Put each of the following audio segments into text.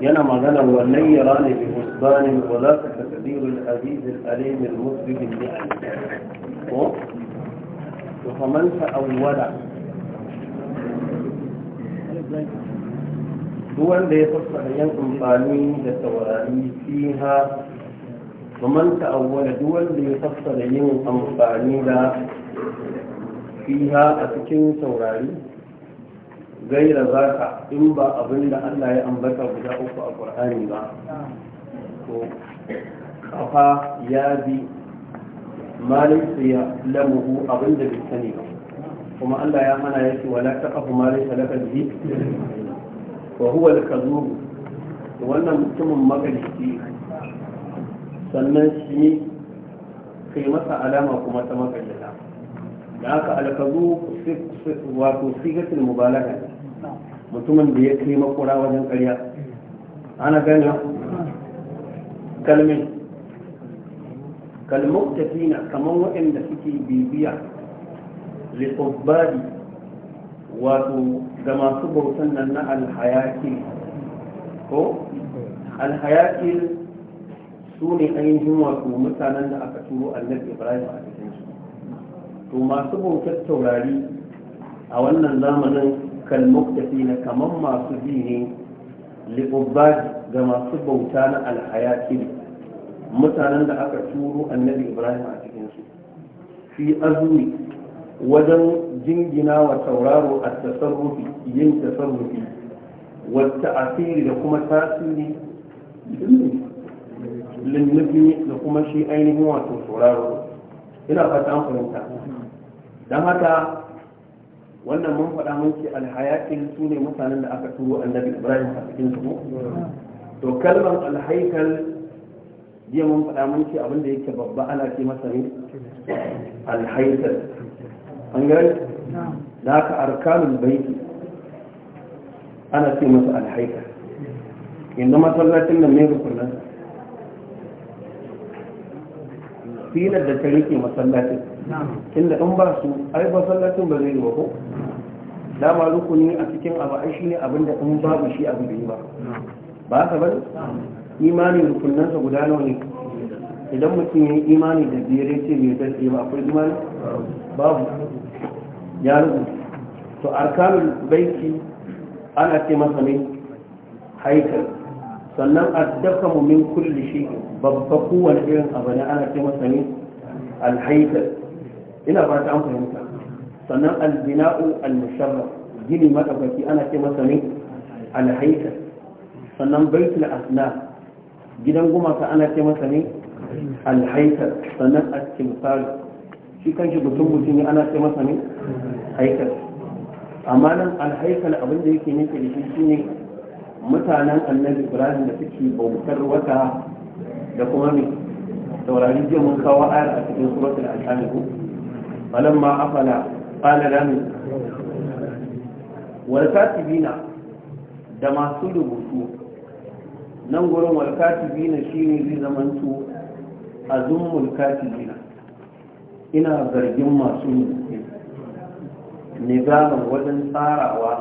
ينام غنم والنيران في حسبان ولاك تكبير العزيز الأليم المسبب النعم وفمن فأولا دول ليس صحيانكم قالوا للتوراني فيها ومن تأول دول ليفصل ين أمفاني لا فيها أتكين سوراري غير ذاك إن با أبن لا ألا يأنبت بدا أفا القرآن با أفا يا بي ما ليس يعلمه أبن لا بالسني وما ألا يأمنا يسي ولا تقف ما ليس لك به وهو الكذوب وأنا مجتمع مكة sannan shi kai masa alama kuma ta makayyata da aka alkazu wato sigatul mubalaga mutumin da ya kai makura wajen ƙarya ana gani kalmin kalmuktafina kamar waɗanda suke bibiya liɓaɓɓari wato ga masu bautan nan na alhayaƙil ko alhayaƙil su ne ainihin wato mutanen da aka turo annabi ibrahim a cikinsu to masu bautar taurari a wannan zamanin kalmuktafi na kamar masu bi ne liɓubbaji ga masu bauta na alhayaki mutanen da aka turo annabi ibrahim a cikinsu fi azumi wajen jingina wa tauraro a tasarrufi yin tasarrufi wata asiri da kuma tasiri linnufi da kuma shi ainihin wato sauraro ina fata an fahimta don haka wannan mun faɗa mun ce alhayakin su ne mutanen da aka turo annabi ibrahim a cikin su to kalmar alhaikal jiya mun faɗa mun ce abin da yake babba ana ce masa ne alhaikal an gani da haka arkanul baiti ana ce masa alhaikal inda masallacin nan ne rukunan filar da ta rike masallacin inda in ba su ai masallacin ba zai yi ba ko dama rukuni a cikin abu ai shine abin da in babu shi abu yi ba ba ka bane imani rukunansa guda nawa ne idan mutum ya yi imani da biyar ce bai zarce ba akwai imani babu ya rubu to arkanul baiti ana ce masa ne haikal sannan mu min kulli shay'in babba kowane irin abu ne ana ce masa ne alhaifar ina ba ta an fahimta sannan albina'u al-musharraf gini madaukaki ana ce masa ne alhaifar sannan baitul asna gidan gumaka ana ce masa ne alhaifar sannan al-kimsal shi kanshi mutum mutum ana ce masa ne haikar amma nan alhaifar abin da yake nufi da shi shine mutanen annabi ibrahim da suke bautar wata da kuma mai saurari jiya mun kawo ayar a cikin suratul al'ami ko falamma afala qala lami wal katibina da masu rubutu nan gurin wal katibina shine zai zamanto azumul katibina ina zargin masu rubutu nizamin wajen tsarawa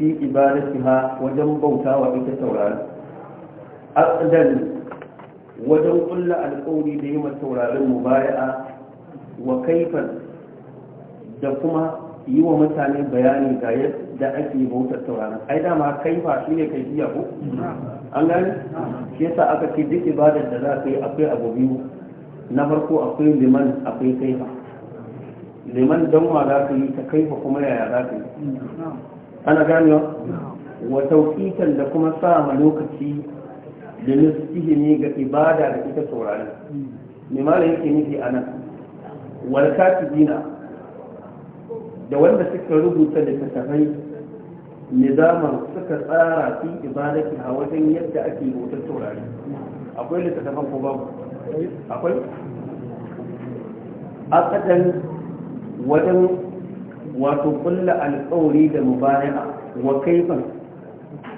fi ibadatiha wajen bauta wa ita taurari aqdal wajen kulla alƙawari da yi ma taurarin mu baya wa kaifan da kuma yi wa mutane bayani ga yadda ake bautar taurarin ai dama kaifa shi ne kai biya ko an gani shi yasa aka ce duk ibadar da za ka yi akwai abu biyu na farko akwai liman akwai kaifa liman don wa za ka yi ta kaifa kuma yaya za ka yi ana ganewa wa taukitan da kuma sa ma lokaci da ne ga ibada da ita saurari me mala yake nufi a nan wal katibina da wanda suka rubuta da tasafai nizaman suka tsara fi ibadati a wajen yadda ake bautar saurari akwai littattafan ko babu akwai a kadan wajen wato kulla alƙawari da mubaya'a wa kaifan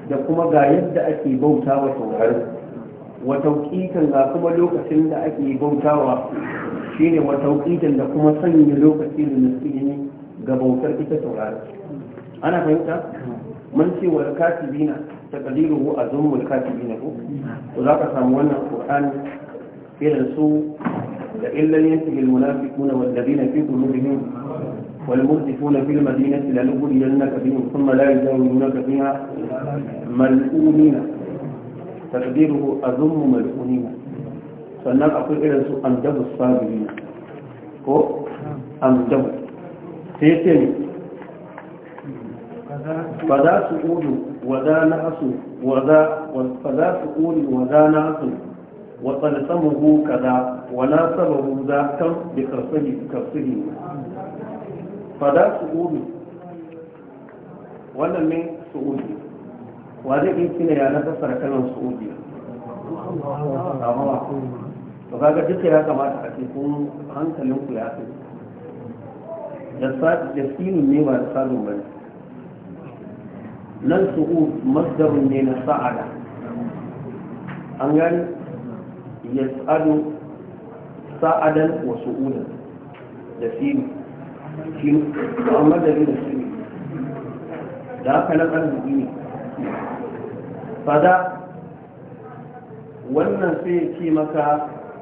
da kuma ga yadda ake bauta wa saurari wa ga kuma lokacin da ake bautawa shine wa tauƙitan da kuma sanya lokaci da nasiri ga bautar ita saurari. ana fahimta mun ce wa katibina taqdiruhu azmul katibina ko to za ka samu wannan qur'ani irin su da illan yantahi almunafiquna wal ladina fi qulubihim والمرجفون في المدينة لنبرينك بهم ثم لا يزاولونك بها ملؤونين تقديره أذم ملؤونين فالنار أقول إلى سوء أنجب الصابرين كو أنجب سيتني فذا سؤول وذا نعص وذا فذا سؤول وذا نعص وطلسمه كذا وناصره ذاك بخرصه كرصه fada su'udu wannan ne su'udu wa zai iya kina ya na fassara kalmar su'udu to kaga duka ya kamata a ce kun hankalin ku ya fi da sinin ne ba da sadun ba nan nan su'ud masdarun ne na sa'ada an gani ya sa'adu sa'adan wa su'udan da sinin shi to amma da ne shi ne da haka na arziki ne fada wannan sai ya ce maka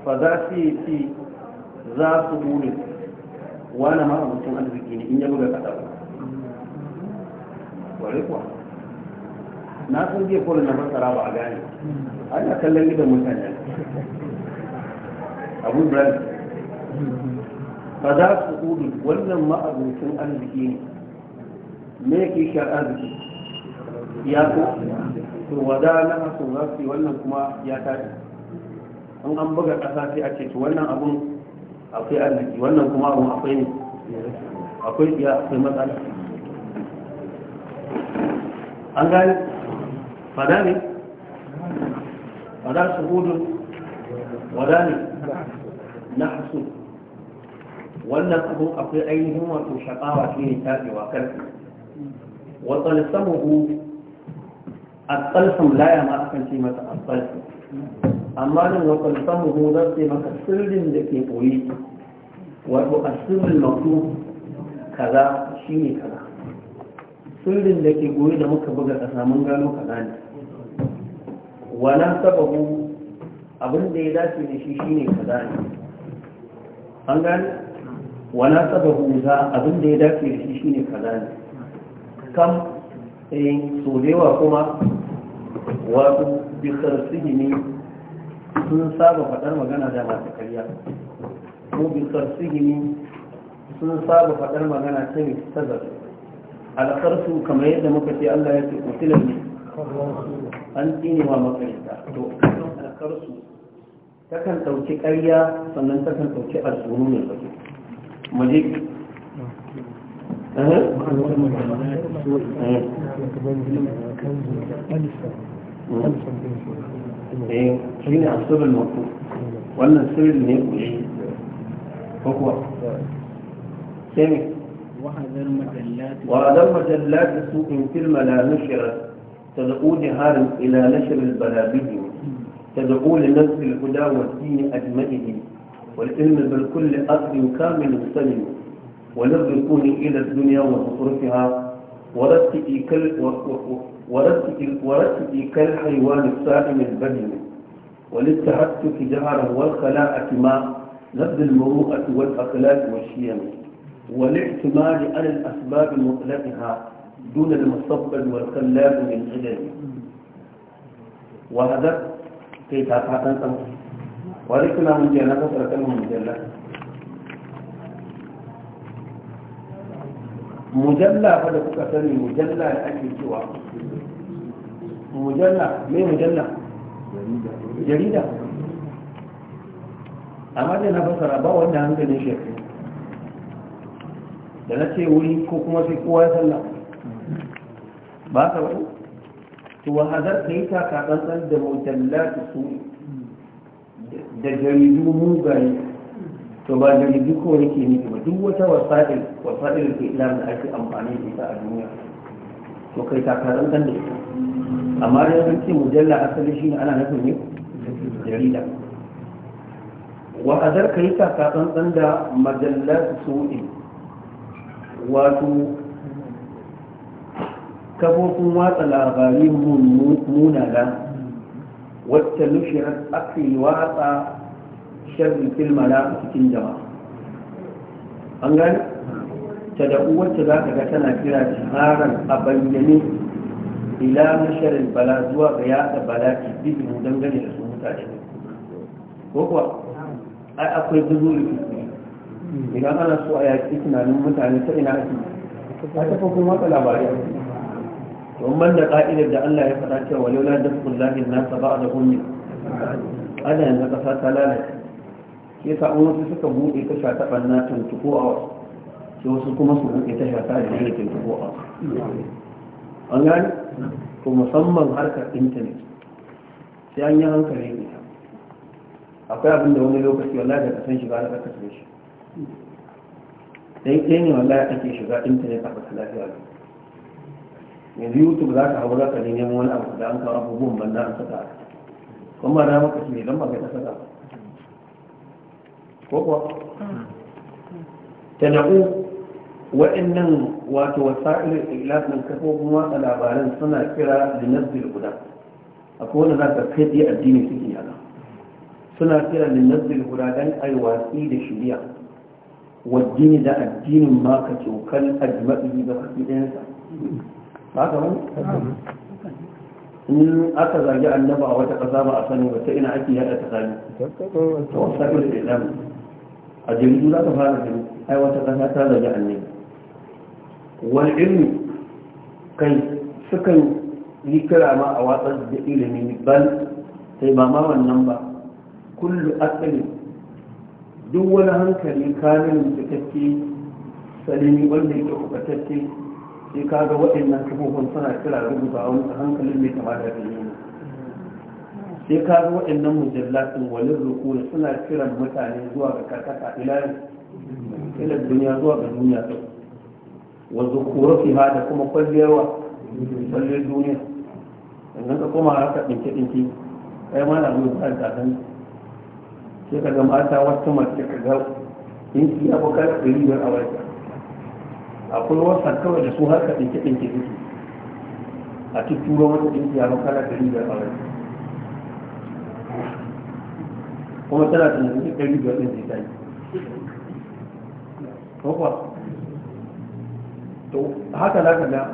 fada sai ya ce za su buri wani ma abincin arziki ne in ya buga kaɗa ba ware kuwa na san zai kola na fasara ba a gane ana kallon gidan mutane abu brand fa za su uri wannan ma'abucin arziki ne me ke shar arziki ya ko to wada na hasu za su yi wannan kuma ya tafi an an buga ƙasa sai a ce to wannan abun akwai arziki wannan kuma abun akwai ne akwai ya akwai matsala an gani fada ne fada su hudu wada ne na hasu wannan abu akwai ainihin wato shaƙawa shi ne taɗewa karfi wata hu a tsalsam laya ma akan ce masa a tsalsam amma nan wata lissamuhu zan ce maka sirrin da ke ɓoye wato a sirrin mafi kaza shi ne kaza sirrin da ke goyi da muka buga ƙasa mun gano kaza ne wannan sababu abin da ya dace da shi shine kaza ne an gane wana saba huza abin da ya dace da shi shine kaza ne kam in eh, so dewa kuma wato bi kharsihi ne sun saba faɗar magana da masu karya ko bi kharsihi ne sun saba faɗar magana ta mai tazar alkharsu kamar yadda muka ce Allah ya ce kutilan ne an tsine wa makarita to kasan takan ɗauki ƙarya sannan takan ɗauki azzunu ne مليك أه؟, أه. ايه خليني على السر المطلوب ولا السر اللي يبقوا ايه هو سامي وحذر المجلات وحذر مجلات سوء كلمة لا نشر تدعو جهارا إلى نشر البلابيد تدعو لنسل الهدى والدين أجمعه والعلم بالكل أقل كامل سلم وللركون إلى الدنيا وتصرفها ورتئي كالحيوان السائم البهيم وللتهتك جهره والخلاءة ما نبد المروءة والأخلاق والشيم والاعتماد على الأسباب مطلقها دون المصبب والخلاق من علم وهذا كيف تعطى suna وذكرنا من جنة وتركنا من Mujalla fa da kuka sani mujalla da ake cewa mujalla mai mujalla jarida amma da na fasara ba wanda hankalin shi da na ce wuri ko kuma sai kowa ya salla ba ka wani to wa hazar ka yi takatsantsan da mujalla su da jaridu mugaye to ba jaridu ko yake nufi ba duk wata wasa'il wasa'il ke ila da ake amfani da ita a duniya to kai ta karan kan da ita amma da sun ce mujalla asali shine ana nufin ne jarida wa azar kai ta karan kan da majallar su'i wato kafofin watsa labarai munana wacce nushirar aka yi watsa sharri fil a cikin jama'a an gani ta da wacce za ka ga tana kira shaharar a bayyane ila masharin bala zuwa ga yada bala ke ki bidiyo dangane da su mutane ko kuwa ai akwai zuzuri idan ana so a yaƙi tunanin mutane ta ina ake a tafakin watsa labarai domin da ka'idar da Allah ya faɗa cewa laula da kun na nasa ba da ummi ana yanzu ƙasa ta lalata. ke sa wasu suka buɗe ta shata ɓanna tuntuko a wasu ke wasu kuma su buɗe ta shata da ne tuntuko a wasu an gani To musamman harkar intanet sai an yi hankali ne akwai abin da wani lokaci wala da kasan shiga da kasance shi dai ne wallahi ake shiga intanet a ƙasa lafiya yanzu youtube za ka hau za ka nemo wani abu da an kawo abubuwan banda an saka kuma ba na maka shi ne don ba kai ta saka ko kuwa tana'u wa'annan wato wasa'il ilas nan kafofin watsa labaran suna kira da nasbil guda akwai wanda za ka kai tsaye addini suke yana suna kira da nasbil guda don ai watsi da shirya waddini da addinin ma ka cokal ajma'i da kafin ɗayansa haka ba in aka zargi annaba a wata ƙasa ba a sani ba ta ina ake yada ta zagi ta wasa da islamu a jirgin za ka fara jirgin ai wata ƙasa ta zargi annabi wani ilmi kai sukan yi kira ma a watsar da ilimin ban sai ba ma wannan ba kullu asali duk wani hankali kanin da kake salimi wanda yake kubatatte sai ka ga waɗannan kafofin suna kira rubuta wani hankalin mai kama da fiye sai ka ga waɗannan mujallatin walin rukuni suna kira mutane zuwa ga karkata ilayen ilar duniya zuwa ga duniya ta wanzu kura fi da kuma kwalliyarwa kwalliyar duniya idan ka kuma haka ɗinke-ɗinke kai ma na zuwa ta tsakan sai ka ga mata wata mace ka ga in ki ya bukata ɗari biyar a wata akwai wasan kawai da su har ka ɗinke ɗinke suke a tuturo wata ɗinke ya kala ɗari da ɓarai kuma tana tunanin ɗari da ɗin zai tayi to haka za ka ga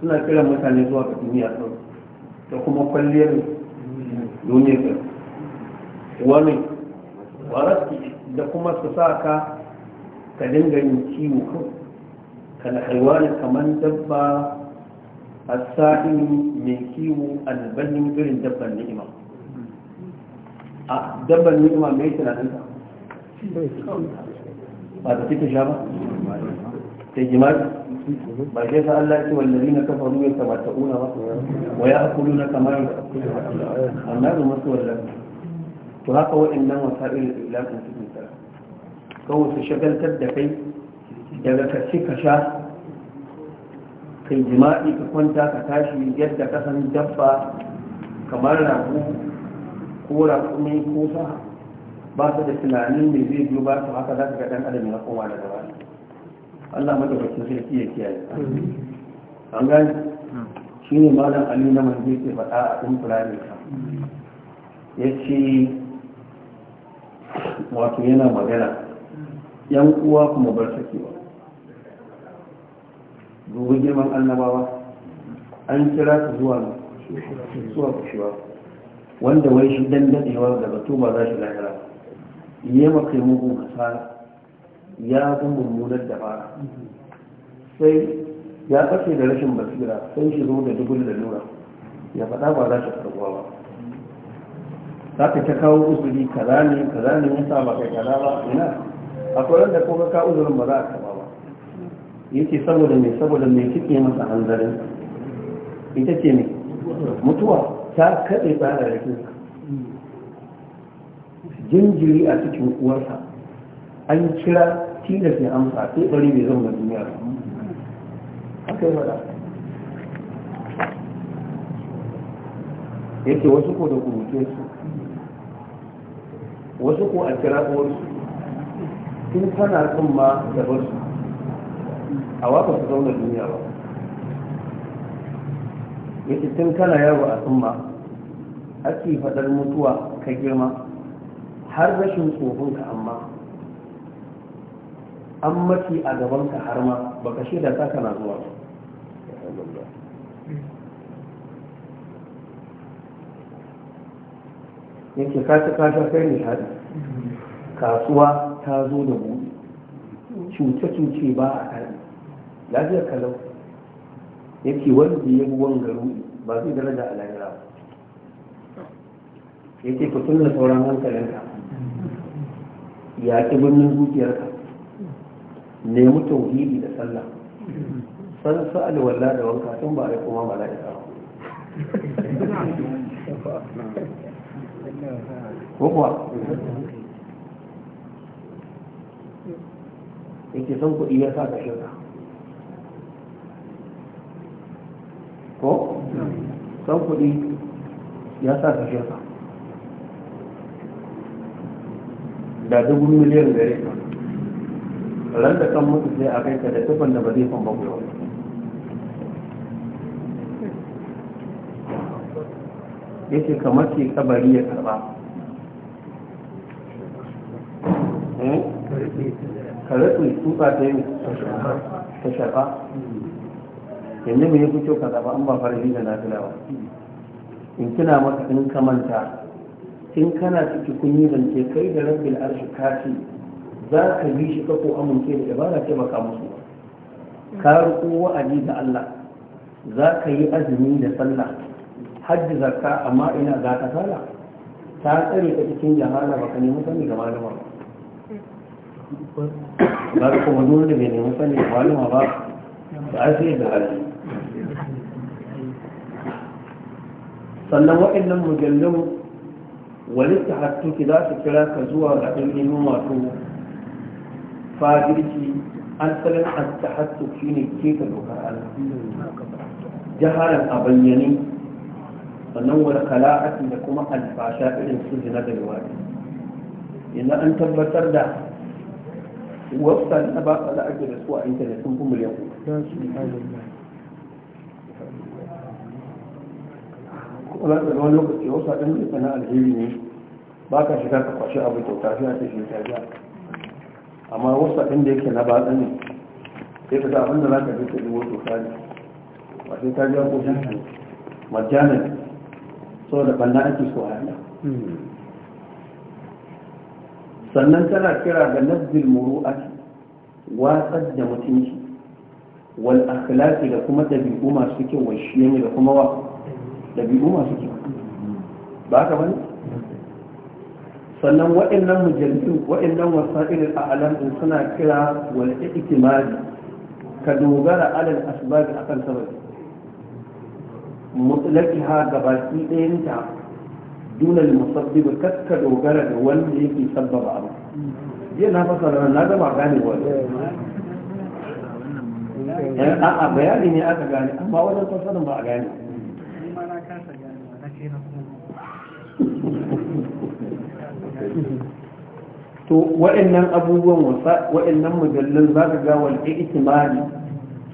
suna kiran mutane zuwa ga duniya ɗin da kuma kwalliyar duniya ɗin wani waraski da kuma su sa ka ka dinga yin ciwo kawai كالحيوان كمان دبا السائل من كيو البني غير دبا النعمة آه، دبا النعمة ميت لا تنسى هذا كيف جابا تجمال كيف قال الله والذين كفروا يتمتعون ويأكلون كما يأكل النار مثوى لهم وهكذا وإنما وسائل الإعلام أن تكون kawai su shagaltar da daga ka ka sha kai jima'i ka kwanta ka tashi yadda ka san dabba kamar rabu ko rakumi ko sa ba su da tunanin mai zai biyu ba su haka za ka ga dan adam ya kowa da gaba Allah madaukakin sai ya kiyaye an gani shi ne malam ali na manzai ke faɗa a ɗin fulani ya ce wato yana magana yan uwa kuma bar sakewa dubi girman annabawa an kira su zuwa zuwa kushewa wanda wai shi dan dadewa da batu ba za shi lahira ya maka mugun hasara ya fi mummunar da fara sai ya kace da rashin basira sai shi zo da dubul da nura ya faɗa ba za shi karbuwa ba za ka ta kawo usuli kaza ne kaza ne ya sa ba kai kaza ba ina akwai wanda ko ka uzurin ba za ka ba yake saboda mai saboda mai cike masa hanzarin ita ce ne mutuwa ta kaɗe tsara rikin jinjiri a cikin uwarsa an kira tilas ya amsa sai bari mai zama duniya haka yi faɗa yake wasu ko da kuruce su wasu ko a kira uwarsu tun tana kan ma da wasu a ba su zauna duniya ba yace tun kana yaro a tsumma ake faɗar mutuwa ka girma har rashin tsohonka amma an mace a gabanka har ma ka shida ta kana zuwa ce kasa kasa kai ne shaɗi kasuwa ta zo da buɗe cuce-cuce ba a lafiyar kalau yake wanda ya buwan garu ba zai daraja a lahira ba yake ku tunna sauran hankalinka ya ki birnin zuciyarka nemi tauhidi da sallah san sa'al walla da wanka tun ba a yi kuma mala'ika ba kuwa yake son kuɗi ya sa ga shirka ko sau kuɗi ya sa ka shirka da dubu miliyan da rikon ran da kan mutu sai a kai da tufan da ba zai fan bakwai wani ya ce kamar ke kabari ya karba hmm? ka rasu tuka ta yi ta shafa yanzu me yafi kyau kaza ba an ba farji da nafila ba in tuna maka in ka manta in kana ciki kun yi zance kai da rabbil arshi kafi za ka yi shi ka ko amince da ibada ce baka musu ka riko wa'adi da Allah za ka yi azumi da sallah hajji zakka amma ina za ka sala ta tsare ka cikin jahala ba ka nemi sani ga malama ba ba kuma da bai nemi sani da malama ba ba a sai da hali sannan waɗannan mujallun walitta hattuki za su kira ka zuwa ga ilimin wato fadirki an salin attahattu shi ne ke ka dokar Allah jaharan a bayyane sannan wani kala'ati da kuma alfasha irin su zina da yawaɗi Ina an tabbatar da wasu na ba da ake da su a intanet sun fi miliyan kuma za ka wani lokaci wasu haɗin mai na alheri ne ba ka shiga ka kwashe abu kyauta shi a ce shi ta amma wasu haɗin da yake na batsa ne sai ka ga abin da za ka je ka dubo kyauta ne ba sai ka biya ko jan kan majjanin saboda banna ake so a yana sannan tana kira ga nazbil muru'ati watsar da mutunci wal akhlaqi da kuma dabi'u masu kyau wa ne da kuma wa ɗabi'u masu kyau ba ka bane sannan waɗannan mujallin waɗannan wasa'il al'alam din suna kira wal iktimali ka dogara alal asbab akan sababi ha gabaki ɗayan ta duna al-musabbib kakka dogara da wanda yake sabbaba abu jiya na fasa fasara na gama gane wani eh, a'a bayani ne aka gane amma wajen fasarin ba a gane to waɗannan abubuwan wasa, waɗannan mujallun za ka ga wal ihtimali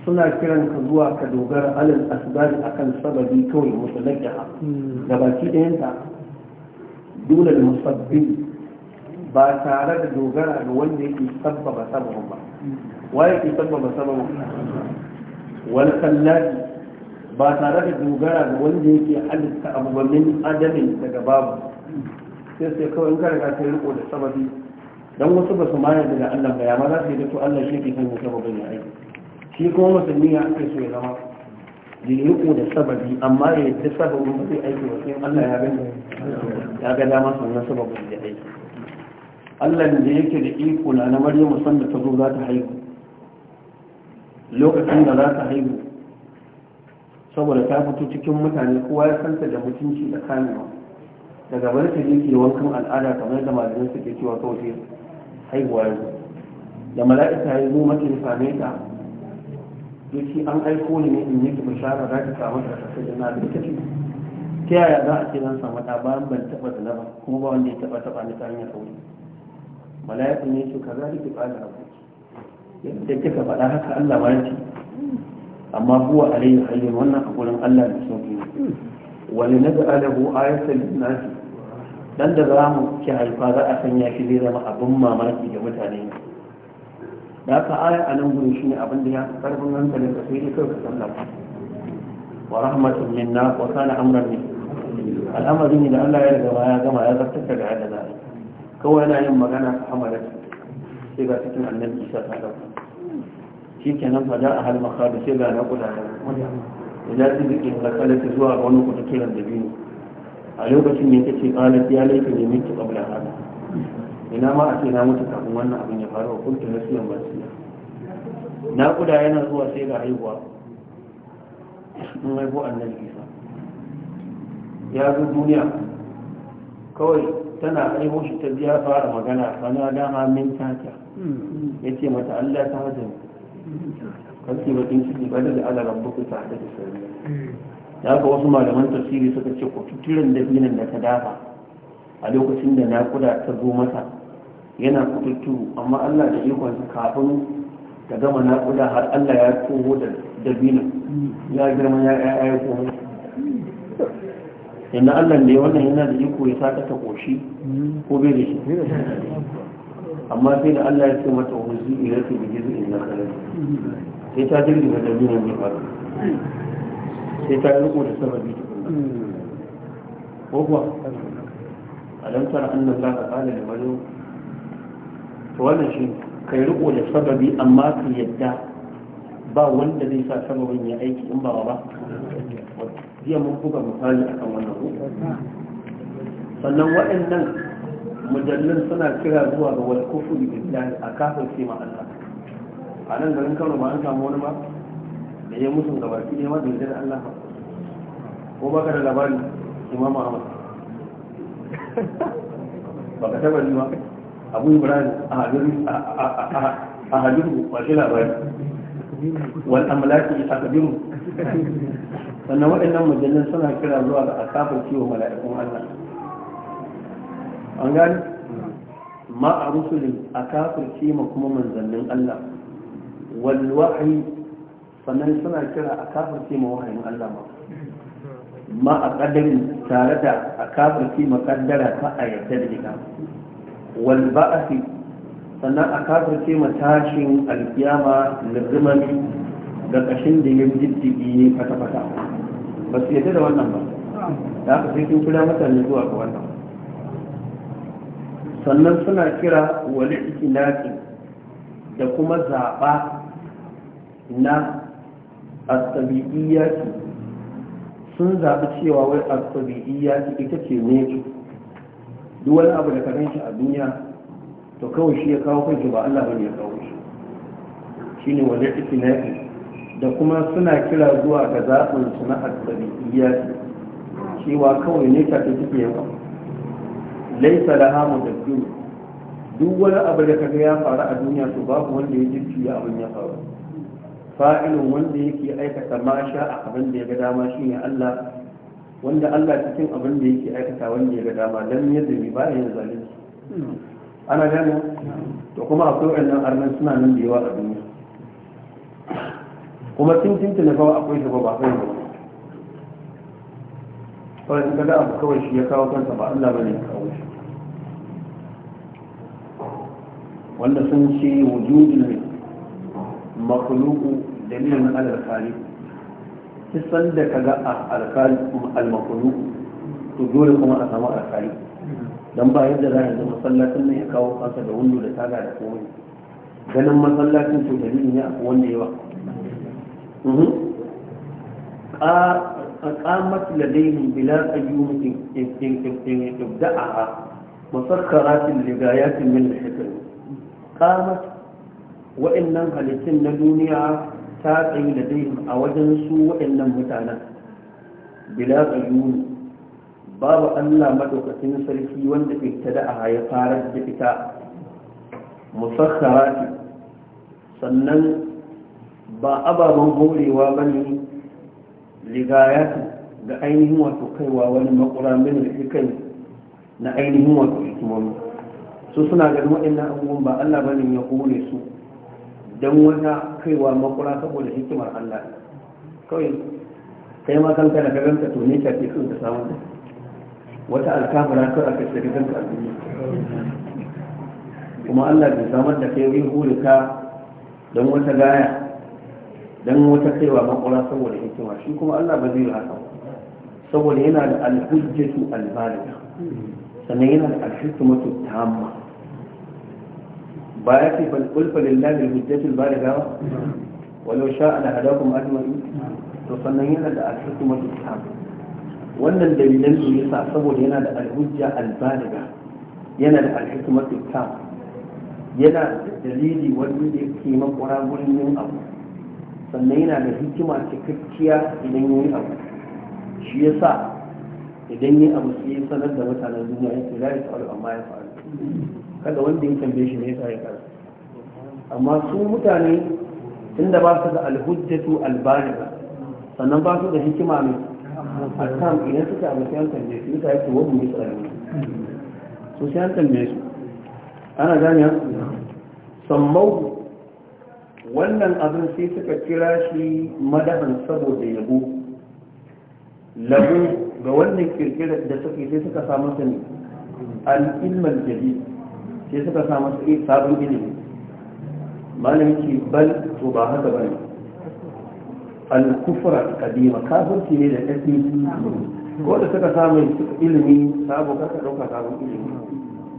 suna kiran ka zuwa ka dogara alal asbab akan sababi kawai musalaka da hmm. baki ɗayanta dole da musabbin ba tare da dogara ga wanda yake sabbaba sababin ba hmm. waye ke sabbaba sababin wani kallaji ba tare da dogara ga wanda yake halitta abubuwan adamin daga babu hmm. sai sai kawai in ka riga ka riko da sababi dan wasu ba su ma yarda da Allah ba ya za su yi da to Allah shi ke san mutum ba ya aiki shi kuma musulmi ya ake so ya zama liyuku da sababi amma ya yadda sababin ba zai aiki ba sai Allah ya gani ya ga dama sannan sababin da aiki Allah da yake da iko na na Maryamu sanda ta zo za ta haihu lokacin da za ta haihu saboda ta fito cikin mutane kowa ya santa da mutunci da kamewa daga bari ta ke wankan al'ada kamar da malamin suke cewa kawai haihuwa da mala'ika ya zo mata da same ta ya an aiko ni ne in yake bishara za ki samu da ta da na duka ce ta yaya za a ce zan samu ɗa bayan ban taɓa da ba kuma ba wanda ya taɓa taɓa ni ta hanyar aure mala'ika ne ce ka za ki ƙara abu yadda kika faɗa haka Allah ma ya ce amma huwa alayhi hayyin wannan a gurin Allah ne sauki ne wani na da alahu ayatul nasi dan da za mu ki haifa za a sanya shi zai zama abin mamaki ga mutane da aka aya a nan gudu shi ne abin da ya fi karfin hankalin ka sai dai kawai ka sallama wa rahmatun minna wa kana amran ne Al'amarin ne da Allah ya riga ya gama ya zartar da yadda za a kawai yana yin magana a hamalar sai ga cikin annabi isa ta dauka shi nan fa da a halin makadu sai ga na kudaden wajen da ya ci zuwa ga wani kudu kiran da biyu a lokacin ne kace kalat ya laita ne miki kabla hada ina ma a ce na mutu kafin wannan abin ya faru kuntu nasiyan basiya na kuda yana zuwa sai ga haihuwa in haihu annabi isa ya zo duniya kawai tana haihu shi ta biya fara magana da dama min tata ya ce mata allah ta hajjin kan ce bakin ciki ba da azaran rabbuka ta hada da da haka wasu malaman tafsiri suka ce ku da dabinan da ta dafa a lokacin da naƙuda ta zo mata yana kututtu amma Allah da ikonsa kafin ta gama naƙuda har Allah ya tsoho da dabinin ya girma ya ya komo inda Allah ne wannan yana da iko ya saka ta koshi ko bai da shi amma sai da Allah ya ce mata wuzu ila ta bijizu in na kalar sai ta jirgin da dabinin ne ba sai ta riko da sababi ko kuwa alam tara anna allaha qala lil majnun to wannan shi kai riko da sababi amma ka yadda ba wanda zai sa sababin ya aiki in ba ba jiya mun buga misali akan wannan ko sannan waɗannan mujallin suna kira zuwa ga wal da billahi a kafin sai ma Allah a nan garin Kano ba an samu wani ba da ya mutum gaba ki ne ma da yadda Allah ba ko baka da labari Imam Ahmad baka taba ni ba Abu Ibrahim a hadiru a hadiru ba shi labari wal amlaki akbiru sannan waɗannan mujallan suna kira zuwa ga asafar ciwo mala'ikun Allah an gani ma a rusulin a kafirce ma kuma manzannin Allah wal wahyi sannan suna kira a kafirce ma wahayin Allah ma ma a ƙadarin tare da a kafirce ma kaddara ta a yarda da ita wal ba'asi sannan a kafirce ma tashin alkiyama lirrimami da ƙashin da ya jiddigi ne fata-fata ba su yadda da wannan ba da aka sai sun kira mutane zuwa ga wannan sannan suna kira wali ikinaki da kuma zaɓa na asabi'iyyati sun zaɓi cewa wai asabi'iyyati ita ce ne duk wani abu da ka ganshi a duniya to kawai shi ya kawo kanshi ba Allah bane ya kawo shi shine wani itinafi da kuma suna kira zuwa ga zaɓin su na asabi'iyyati cewa kawai ne ta ke yawa laisa laha mudabbiru duk wani abu da kaga ya faru a duniya to babu wanda ya ya abin ya faru fa'ilun wanda yake aikata masha a abin da ya ga dama shine Allah wanda Allah cikin abin da yake aikata wanda ya ga dama dan yadda mi bayan zalunci ana gano to kuma akwai wannan arnan suna nan da yawa a duniya kuma sun tuntuna kawai akwai shi ba ba kai ba kawai in ga abu kawai shi ya kawo kansa ba Allah bane ya kawo shi wanda sun ce wujudul makhluqu dalilin alal khaliq kisan da ka ga a khaliq kuma al-makhluq to dole kuma a samu al don ba yadda za a yanzu masallacin nan ya kawo kansa da wando da taga da komai ganin masallacin to dalilin ya akwai wanda yawa قامت لديهم بلا قيوم ابدعها مسخرات لغايات من الحكم قامت wa'annan halittun na duniya ta tsayi da dai a wajen su wa'annan mutanen bila tsayuni babu allah maɗaukacin sarki wanda a ya fara da ita musakharati sannan ba ababen horewa ba ne ligayatu ga ainihin wato kaiwa wani makura min na ainihin wato su suna ganin waɗannan abubuwan ba allah ba ne ya hore su don wata kaiwa makura saboda hikimar Allah kawai kai ma kanka da ka to ne kake so ka samu wata alkamara ka aka shiga gaganta a duniya kuma Allah bai samar da kai yin hulika don wata gaya don wata kaiwa makura saboda hikima shi kuma Allah ba zai haka saboda yana da alhujjatu albalika sannan yana da alhikmatu tamma ba ya ce ulfa lillahi hujjatul baligha walau sha'a la hadakum ajma'in to sannan yana da al-hikmatu wannan dalilan su yasa saboda yana da al-hujja al-baligha yana da al-hikmatu yana da dalili wanda yake makura gurin yin abu sannan yana da hikima cikakkiya idan yin abu shi yasa idan yin abu sai sanar da mutanen duniya yake la yasalu amma ya fa'alu kada wanda ya tambaye shi ne yasa ya kara amma su mutane inda ba su da alhujjatu ba sannan ba su da hikima ne a kan idan suka abu sai an tambaye su yasa yake wani mai tsarni su sai an tambaye su ana gani sammau wannan abin sai suka kira shi madahan saboda yabo labu ga wannan kirkirar da suka sai suka samu sani al-ilmal jadid sai suka sa masa sabon ilimi malamin ce bal to ba haka ba ne al-kufra kadima kafirci ne da ƙafi ko da suka samu ilimi sabo kaka ɗauka sabon ilimi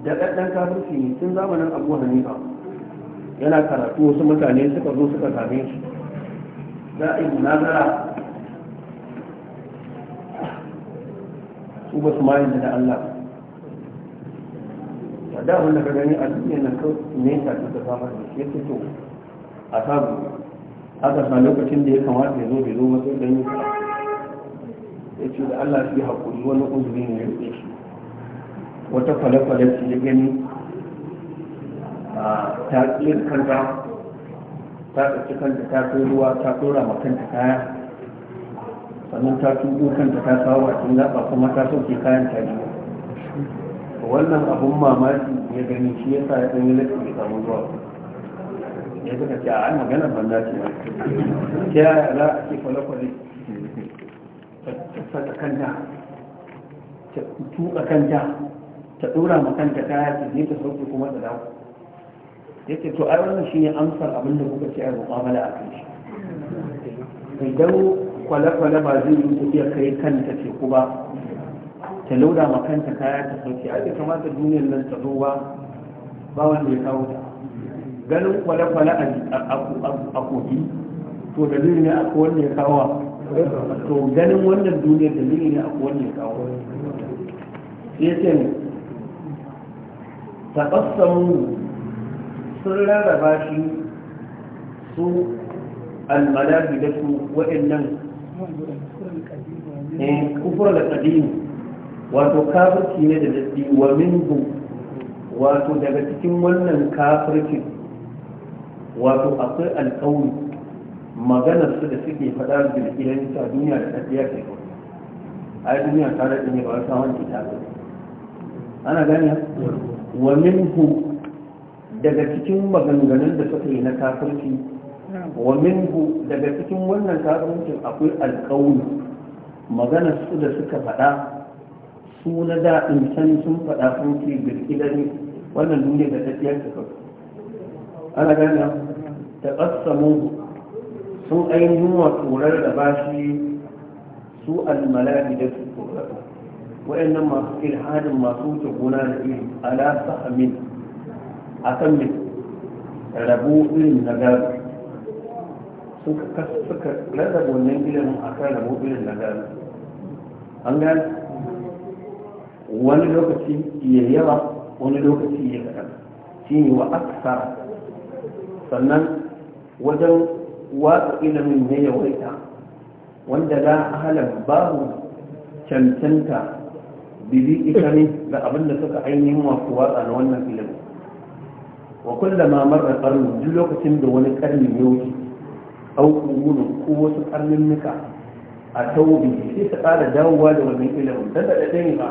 da ɗaɗɗan kafirci ne tun zamanin abu hanifa yana karatu wasu mutane suka zo suka same shi za a yi munazara su ba su mayanta da allah da wanda ka gani a duniya na kawai ne ta ta samar da shi yake to a sabu haka sa lokacin da ya kamata ya zo bai zo masu idan yi ya ce da Allah shi haƙuri wani uzuri ne ya rike shi wata kwale-kwale ce ya gani ta ƙir kanta ta ɗauki kanta ta kai ruwa ta tura ma kanta kaya sannan ta tuɗo kanta ta sawa a cikin zaɓa kuma ta sauke kayan ta biyu wannan abun mamaki ya gani shi ya sa ya ɗan lafi ya samu zuwa ya suka ce a an magana banza ce ba ta yaya za a ke kwale-kwale ta kanta ta tuka kanta ta ɗora ma kanta kaya ta je ta sauke kuma ta dawo ya ce to ai wannan shi ne amsar abin da kuka ce a mu'amala a kan shi idan kwale-kwale ba zai yi tafiya kai kanta teku ba ta lauda ma kanta kaya ta sauke ake kamata duniyar nan ta ruwa ba wanda ya kawo ta ganin kwale-kwale a kogi to dalili ne akwai wanda ya kawo to ganin wannan duniyar dalili ne akwai wanda ya kawo sai ce ne taɓassamu sun rarraba shi su almalabi eh, da su waɗannan kufura da ƙadimu wato kafirci ne da daɗi wa min bu wato daga cikin wannan kafircin wato akwai alƙawli maganar su da suke faɗa bil ilanta duniya da tafiya ke ai duniya ta daɗi ne ba wata wanki ta ana gani wa min bu daga cikin maganganun da suka yi na kafirci wa min bu daga cikin wannan kafircin akwai alƙawli maganar su da suka faɗa su na da in can sun faɗa sun ce da ne wannan duniya da tafiyar ta kawai ana gane ta ƙasamu sun ainihin wa turar da bashi su almalari da su wa'annan masu ilhadin masu wuce gona da iri ala sahamin a kan mai rabo irin na gado suka rarraba wannan ilimin a kan rabo irin na gado an gane wani lokaci ya yawa wani lokaci ya kaɗan shi ne wa aksara sannan wajen watsa ilimin ya yawaita wanda za a halar babu cancanta bibi ita ne ga abin da suka ainihin wasu watsa na wannan ilimin wa kulla ma marar karni duk lokacin da wani karni ya wuce auku gudun ko wasu karnin nuka a taubi sai su ƙara dawowa da wannan ilimin don da ɗaya ne ba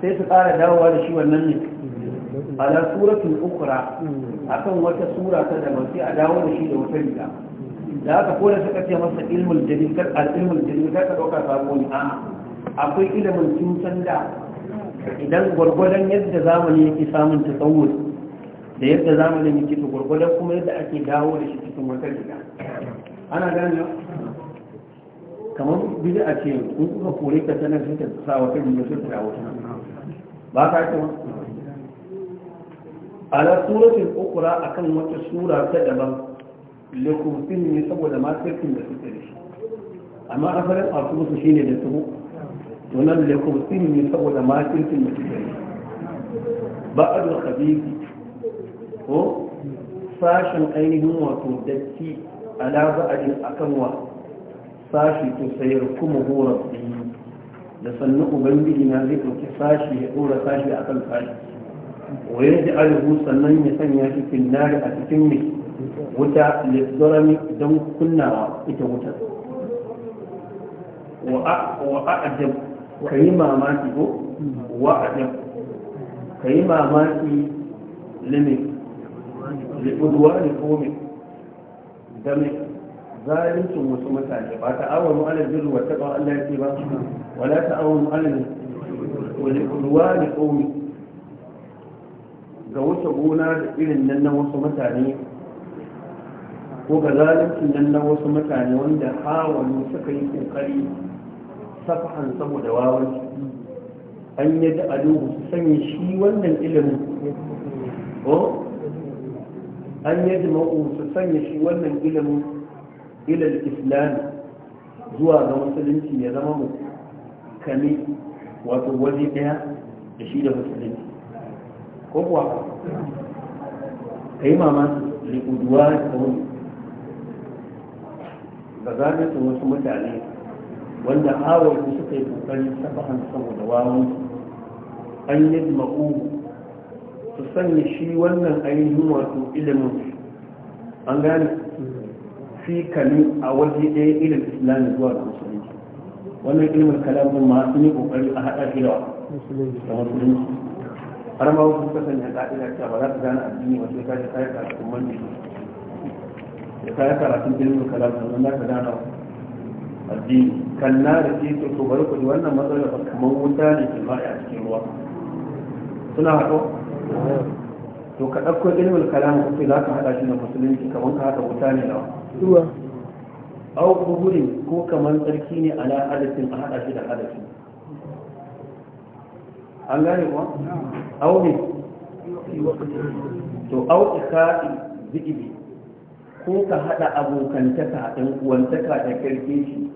sai su fara dawowa da shi wannan ne ala suratul a akan wata sura ta da sai a dawo da shi da wata riga da aka ko suka ce masa ilmul jalil kar al ilmul jalil ka dauka sabo ne a akwai ilimin tun sanda idan gwargwadon yadda zamani yake samun tasawur da yadda zamani yake ta gwargwadon kuma yadda ake dawo da shi cikin wata riga ana gane kamar bid'a ce in kuka kore ka sanar sai ta sa wata riga sai ta dawo ta ba ka ce ala ukura a akan wata sura ta daban lekufin ne saboda makirkin da suke da shi amma asalin asusu ne da tuhu tunan nan ne saboda makirkin da suke da shi ba'adul khabisi ko sashen ainihin wato datti ala ba'adin akan wa sashi to sayar kuma horar da yi da sannu ubangiji na zai ɗauki sashi ya ɗora sashi a kan sashi waye da ji sannan ya sanya shi finnari a cikin mai wuta lissarami don kunnawa ita wutar wa a'ajab ka yi mamaki ko wa a'ajab ka yi mamaki limin liɓuduwa ne ko mai da mai zalincin wasu mutane ba ta awon ala birru wa taqwa Allah ya ce ba wala ta awon ala ruwa da ƙauni ga wata gona da irin nan na wasu mutane ko ga zalincin nan na wasu mutane wanda hawanu suka yi kokari safahan saboda wawanci an yi da alubu su sanya shi wannan ilimin an yi da su sanya shi wannan ilimin ilal islam zuwa ga musulunci ya zama mu kame wato waje daya da shi da musulunci ko kuwa kai mama mamaki likuduwa da wani ba za ka su wasu mutane wanda hawar su suka yi kokarin sabahan saboda wawan an yi ma'u su sanya shi wannan ainihin wato ilimin an gane sikanin a waje ɗaya irin islami zuwa ga musulunci wannan ilimin kalamun ma sun yi kokari a haɗa shi da musulunci har ma wasu suka sanya ka'ida cewa ba za ka gane addini ba sai ka ji kayan karatun manni da kayan karatun ilimin kalamun, nan za ka gane addini kanna da ke to bari ku ji wannan matsalar kamar wuta ne ke ba a cikin ruwa suna haɗo to ka ɗauko ilmin kalam kuke za ka haɗa shi da musulunci kamar ka haɗa wuta ne nawa au gudun ko kamar tsarki ne a ala hadasin a haɗa shi da hadasi an gane kuwa au ne to au kaɗi zikibi ko ka haɗa abokantaka ɗan uwantaka da karfe shi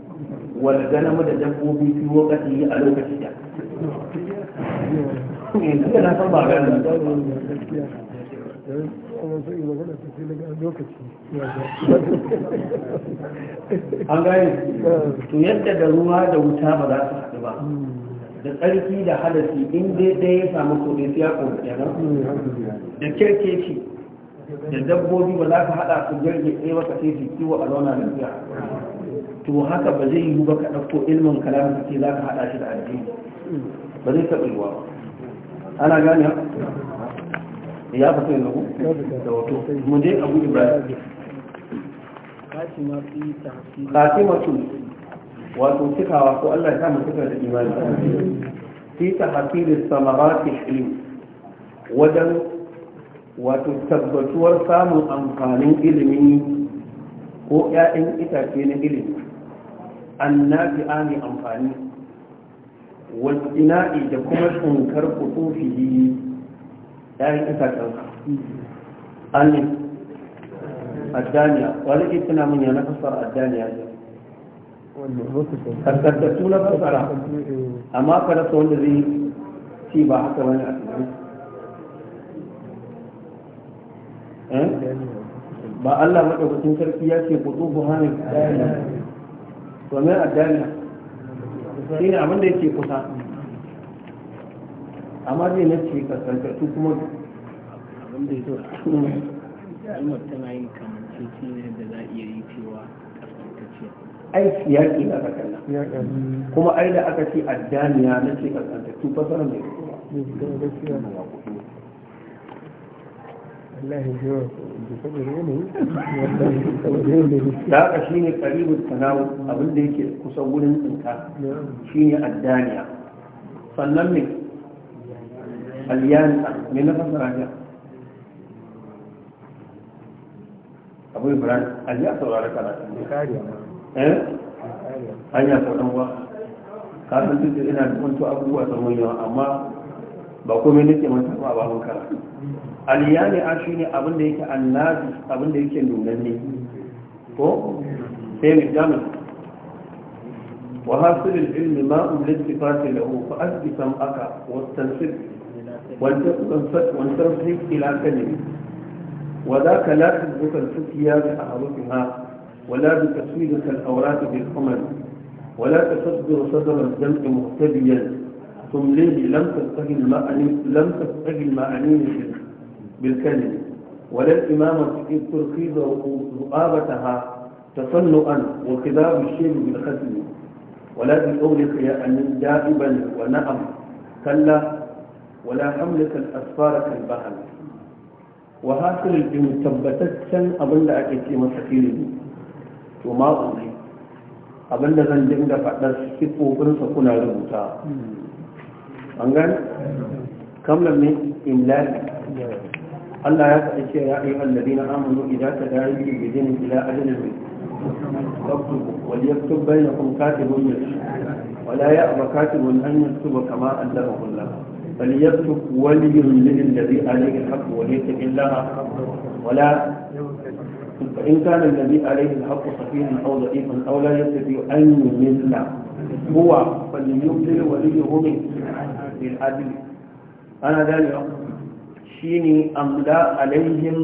wal mu da dabbobi fi wakati a lokaci da na an gane to yadda da ruwa da wuta ba za su haɗu ba da tsarki da hadasi in dai ya samu kodin siya kodin yana da kirkeci da dabbobi ba za ka haɗa su jirgi ɗaya ba ka sai su kiwo a zauna lafiya to haka ba zai yi ba ka ɗauko ilmin kalamin kake za ka haɗa shi da addini ba zai taɓa yiwuwa ana gane ya fasa yanzu da wato Mun je abu ibrahim khatimatu wato cikawa ko Allah ya sa mu cika da imani fi tahqiqis samawati hilu wajen wato tabbatuwar samun amfanin ilimi ko 'ya'yan itace na ilimi an nafi amfani والإنائي لكم أنكر قطوفه يعني أنت كذلك أني الدانية ولكن إتنا من ينفسر الدانية الكتبتون فترة أما فلسون الذي في بحث من أسمان ba Allah madaukakin sarki ya ce kudu buhanin ɗaya ne, shi ne abin yake kusa amma zai na ce ka karkatu kuma abin da yake kalmar tana yin kamanceci ne da za a iya yi cewa karkatacciya ai yaƙi na kakalla kuma ai da aka ce addaniya na ce karkatattu fasara mai kuma da haka shi ne karibin tanawu abinda yake kusan wurin tsinka shi ne addaniya sannan ne aliyanta ne na fasara ne abu ibrahim aliyar saurari karatu eh hanya sauran wa kasan duk da ina da kwanto abubuwa saman yawa amma ba komai nake manta ba ba mun aliyani a shi ne abin da yake annabi abin da yake nunanne ko sai mu jamu wa hasil al-ilm ma ulil lahu fa asbi sam'aka wa tansib wa tansib wa tansib ila kalimi wa dhaka la tudrika al-fitya bi ahrufiha ولا بتسويد كالأوراق بالحمل ولا تصدر صدر تمليه لم تستغل المأنين لم تستغل المأنين بالكلمة ولا الإمامة إذ ترخيض ذؤابتها تصنعا وخذاب الشيب بالختم ولا بقولك يا أمين دائبا ونعم كلا ولا حملك الأسفار كالبحر وهاكل الجن ثبتت أبن لأكيتي مسكيني وما أمري abin da zan dinga faɗar sifofinsa kuna rubuta an gani kamar ne imlali Allah ya faɗi ce ya ayyuhal ladina amanu idza tadayantum bi dinin ila ajalin faktubu wal yaktub bainakum katibun yashhad wala ya'ba katibun an yaktuba kama allama Allah فليكتب ولي من الذي عليه الحق وليتق الله ولا فإن كان الذي عليه الحق خفيفا أو ضعيفا أو لا يستطيع أن يمل هو فليبدل وليه منه bil ana ganewa amla alaihim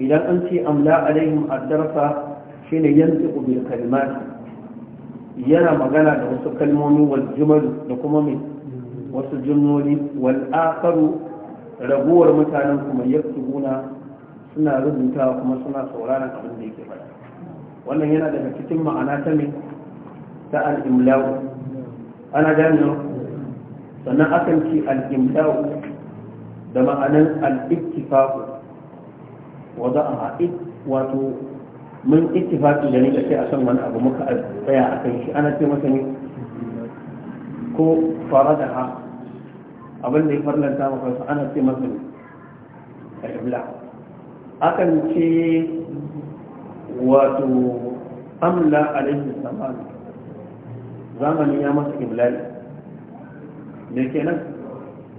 idan an ce amla alaihim ad shine yanzu bil yana magana da wasu kalmomi wal da kuma mai wasu raguwar mutanen kuma yaktubuna suna rubuta kuma suna sauraron abin da yake faɗa wannan yana daga cikin ma'ana ta mai ta ana ganewa sannan akan ce al'imdawo da ma'anan al'iktifaku wadda a haɗi wato mun iktifaki da ni da ke a kan wani abu muka tsaya a kan shi ana ce masa ne ko fara da ha abin da ya farlanta maka su ana ce masa ne a ibla akan ce wato amla alaihi samani zamani ya masa iblali me kenan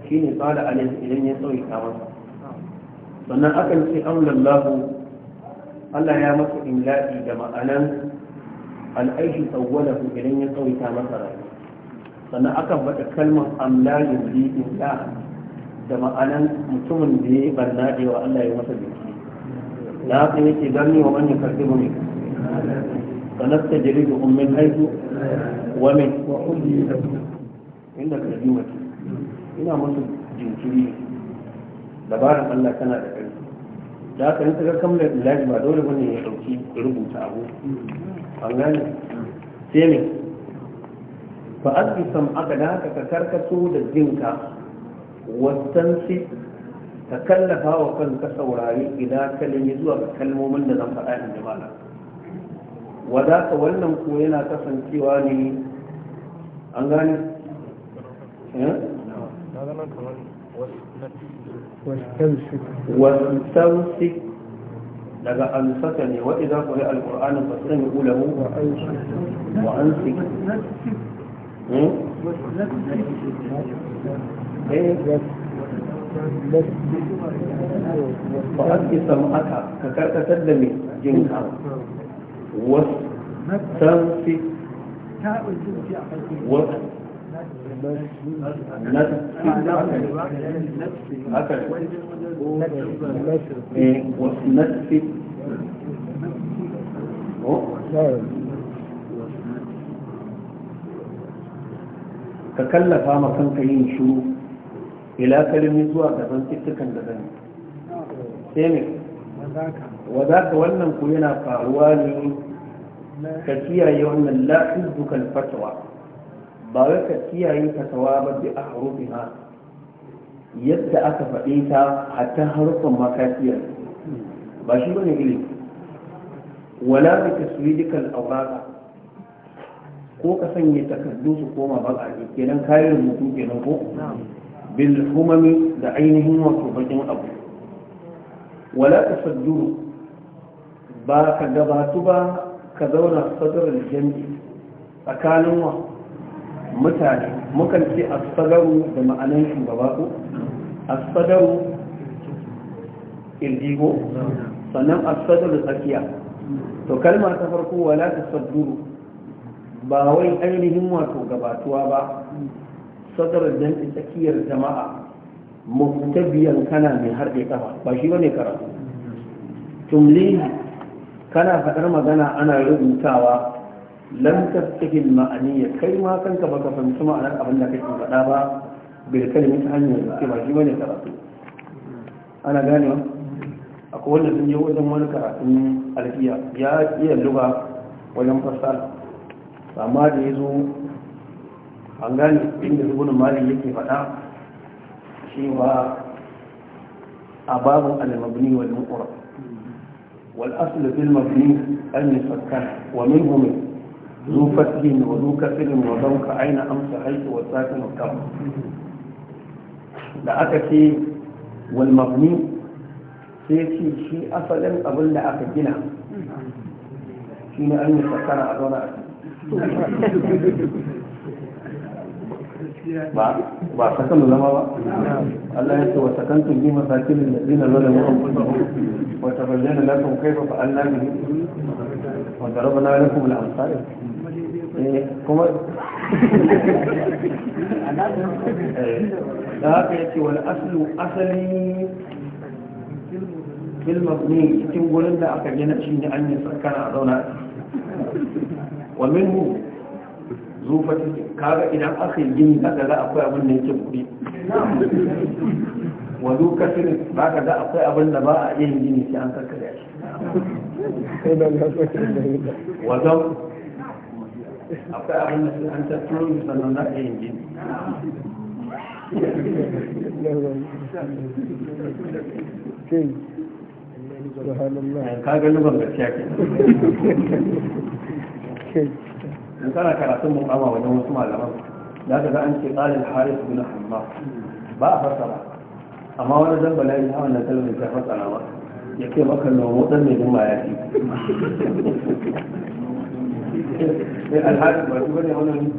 shine tsada alaihi idan ya tsawaita masa sannan akan ce aulallahu Allah ya masa imla'i da ma'anan al'aishi tsawwalahu idan ya tsawaita masa rai, sannan akan faɗa kalmar amla bi imla da da ma'anan mutumin da ya yi barna wa Allah ya masa biki da haka yake gani wa manyan karfi ne sanasta jiridu ummin haihu wa min inda ka yi ina musu jinkiri dabarar Allah tana da ƙarfi da haka in ka ga kamla ba dole bane ya dauki rubuta abu an gane sai ne fa azbi sam aka da haka ka karkato da jinka shi ka kallafa wa kanka saurari idan kalmi zuwa ga kalmomin da zan faɗa in jama'a ka wannan ko yana kasancewa ne an gane واستوسك لقى أنفتني يعني، وإذا قرأ القرآن فسرني أوله وأنسك إيه؟ فأتي سمعتها ككرت تدمي جنها واستوسك نسف ka kallafa ma kanka yin shuru ila kalmi zuwa gaban cikin da zan sai ne ka wannan ku yana faruwa ne ka kiyaye wannan la'in dukan fatawa ba wai ka kiyaye ka tawaba bi ahrufiha yadda aka faɗe ta a ta harufan makasiyar. ba shi ne ilimi wala bi taswidikal auraka. ko ka sanya takardu su koma baƙaƙe kenan kayan rubutu kenan ko bil humami da ainihin wato bakin abu wala sadduru. ba ka gabatu ba ka zauna sadarar jami'i tsakanin wa mutane mukan ce asfadaru da ma'anan shugaba ko asfadaru irjigo sannan asfadaru tsakiya to kalma ta farko wala sadduru. ba wai ainihin wato gabatuwa ba sadarar don tsakiyar jama'a biyan kana mai harɗe kafa ba shi ne karatu tumli kana faɗar magana ana rubutawa لم تستجب معنية كي ما كنت بطفن سمع لك في الغدابة بالكلمة عنه كما جواني كراتي أنا قاني أقول لك يوم إذا مولك أعطني ألفية يا إيه اللغة ويوم فصل فما جيزو أنا إن يكون مالي يكي فتا شيوا أباب المبني والمقرب والأصل في المبني أن يفكر ومنه ذو فتح وذو كسر وذوك أين أمس حيث والساكن الكم da aka ce walmabni sai ce shi asalin abin aka gina shi ne ba sakan zama ba Allah ya ce wa sakantun bi masakin da zina zalamu an kusa وتبين لكم كيف فعلنا به وضربنا لكم الأمثال kuma da haka yake wani asali filmar ne cikin wurin da aka gina shi ne an yi tsakana a zauna wamin mu zufa kaga idan aka yi gini za akwai abin yake kuɗi wa duk kasirin ba ka za akwai abin da ba a iya gini sai an karkare shi wa zan akwai abin da sai an tattaro sannan za a iya gini ka ga lubar gaskiya ke in kana karatun mu'amma wajen wasu malaman za ka ga an ce ƙalin haris bin hamma ba a fasara amma wani zan yi hawan na kalmar ta fatsara ba ya ke eh, maka nomo dan ne jima ya ce sai alhaji ba su bane wani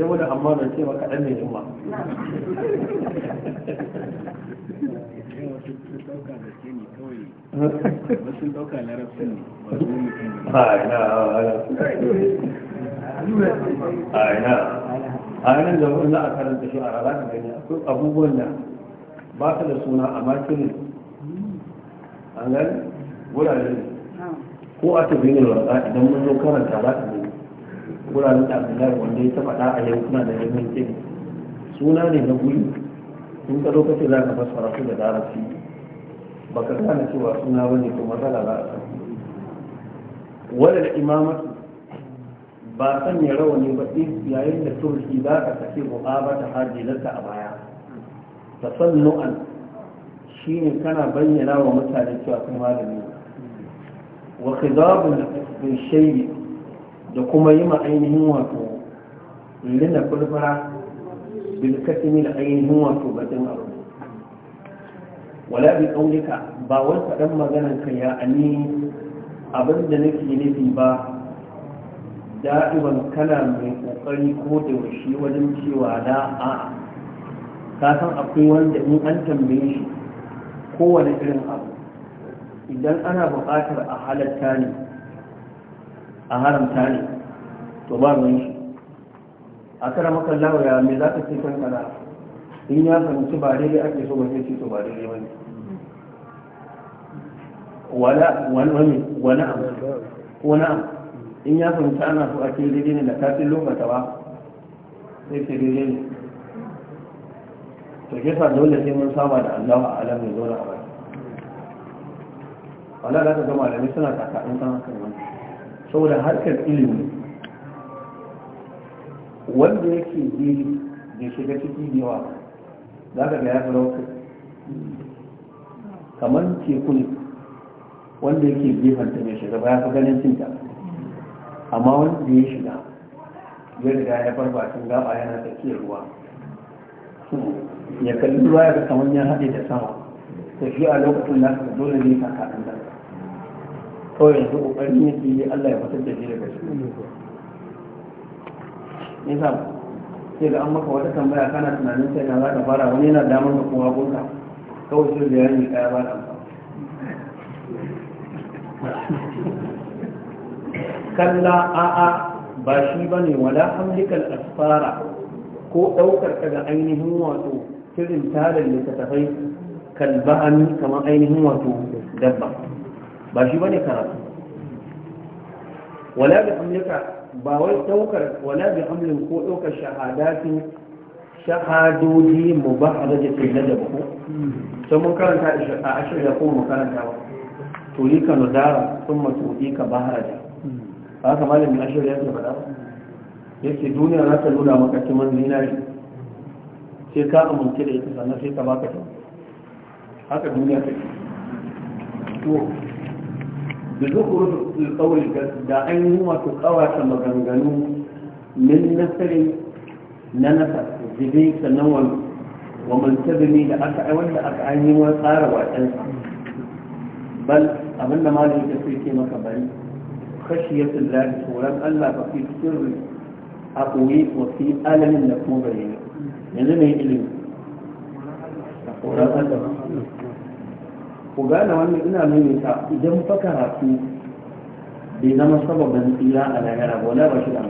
ya wani amma na ce maka dan ne wasu mutum a ina a yanar da wani za a karanta shi a rana gani akwai abubuwan da ba su da suna a makinin a gani wurare ko a tafi yin wasa idan mun zo karanta za ka ne wuraren da abdullahi wanda ya taba da a yankuna da mai kiri. suna ne na guri in ka lokacin za ka fassara su da darasi. ba ka gane cewa suna ba ne to matsala za a samu wadda imamatu ba sanya ne ba yayin da turki za ka tafi mu'abata hajjilarta a baya tasannu'an shine kana bayyana wa mutane cewa kai malami wa khidabun bil shay'i da kuma yi ma ainihin wato lina kulfara bil katimi da ainihin wato batin abu wala bi qaulika ba wai faɗan maganan ka ya ani abin da nake nufi ba da'iban kana mai kokari ko da shi wajen cewa da a'a. ka san akwai wanda in an tambaye shi kowane irin abu idan ana buƙatar a halatta ne a haramta ne to ba ruwan shi a kara makallawa ya me za ka ce kan kana in ya fahimci ba daidai ake so ba sai ce to ba daidai ba ne wani abu wani abu in ya fahimci ana so ake daidai ne da kafin lokata ba sai ce daidai ne to shi dole sai mun saba da Allah a alam ya zauna a bai wala ta zama da malamai suna takaɗin san hakan wani saboda harkar ilimi wanda yake bi da shiga ciki da yawa za ka ga ya fi rauka kamar teku ne wanda yake hanta mai shiga ba ya fi ganin cinta amma wanda ya shiga ya riga ya farfashin gaba yana tafiya ruwa ya kalli ruwa ya kamar ya haɗe da sama ta shi a lokacin da dole ne ka kaɗan da kawai yanzu ƙoƙarin yake yi Allah ya fitar da shi daga shi nisa sai ga an maka wata tambaya kana tunanin sai na za ka fara wani yana damar da kuma gunka kawai shi da yayin ɗaya ba da kalla a'a ba shi ba ne wala hamlikal asfara ko daukar ka ga ainihin wato kirin tarin kalba an kamar ainihin wato dabba ba shi bane karatu wala bi amlika ba wai daukar wala bi amlin ko daukar shahadati shahadodi mubahada ba a da ko to mun karanta a ashirin ko mu karanta ba to yi ka nudara sun matuɗi ka bahara da ba haka malamin ashirin ya ce ba da ba yake duniya za ta nuna maka kiman zinari sai ka amince da ita sannan sai ka baka ta haka duniya ta to da zukuru kawai da an yi wato kawata maganganu min nasarin na nasa jibi sannan wani wa multazimi da aka ai wanda aka an yi wa tsara wasan bal abinda malami ta sai ke maka bari khashiyatul lahi tsoron Allah ba fi tsirri a ɓoye wasu alamin na kuma ne yanzu mai ilimi a koran adam ku gane wannan ina ta idan fa karatu bai zama sababin tsira a lahira ba wala ba shi da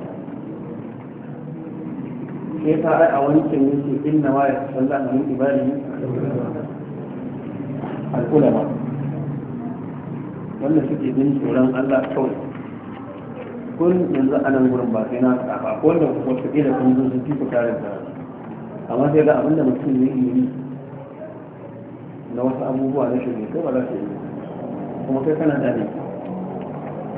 ke ta ai a wani kin yake inna wa ya sallan a mun ibadi al ulama wanda suke bin tsoron Allah kawai kun yanzu a nan gurin ba sai na faɗa ba ko wanda wata ƙila sun zo sun fi karin karatu amma sai ga abinda mutum ne yi na wasu abubuwa na shirme kai ba za su yi kuma kai kana da ne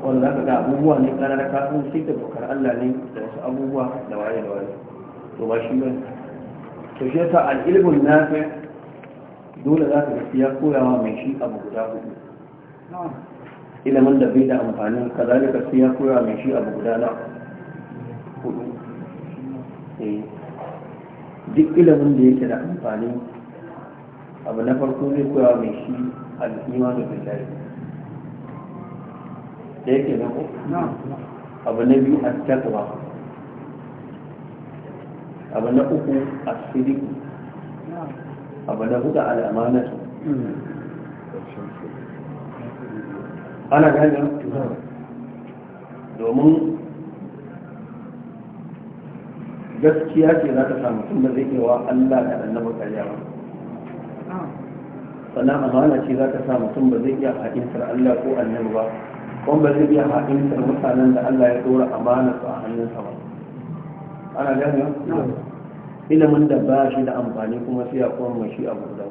wanda za ka ga abubuwa ne ƙarar kafin sai da bukar Allah ne da wasu abubuwa da waye da waye to ba shi ba to shi yasa al'ilmun nafi dole za ka ga koyawa mai shi abu guda hudu ilimin da bai da amfani kazalika sai ya koya mai shi abu guda na hudu eh. duk ilimin da yake da amfani abu na farko zai koya mai shi al'imanu billahi da yake na ko abu na biyu a takwa abu na uku a siriku abu na hudu al'amanatu mm. ana gane domin gaskiya ce za ta samu tun da zai wa Allah da annabar karya ba sannan amana ce za ta samu tun ba zai iya haƙintar Allah ko annabi ba kuma ba zai iya haƙintar mutanen da Allah ya dora amana su a hannunsa ba ana gane ilimin da ba shi da amfani kuma sai ya kuma mai shi abu da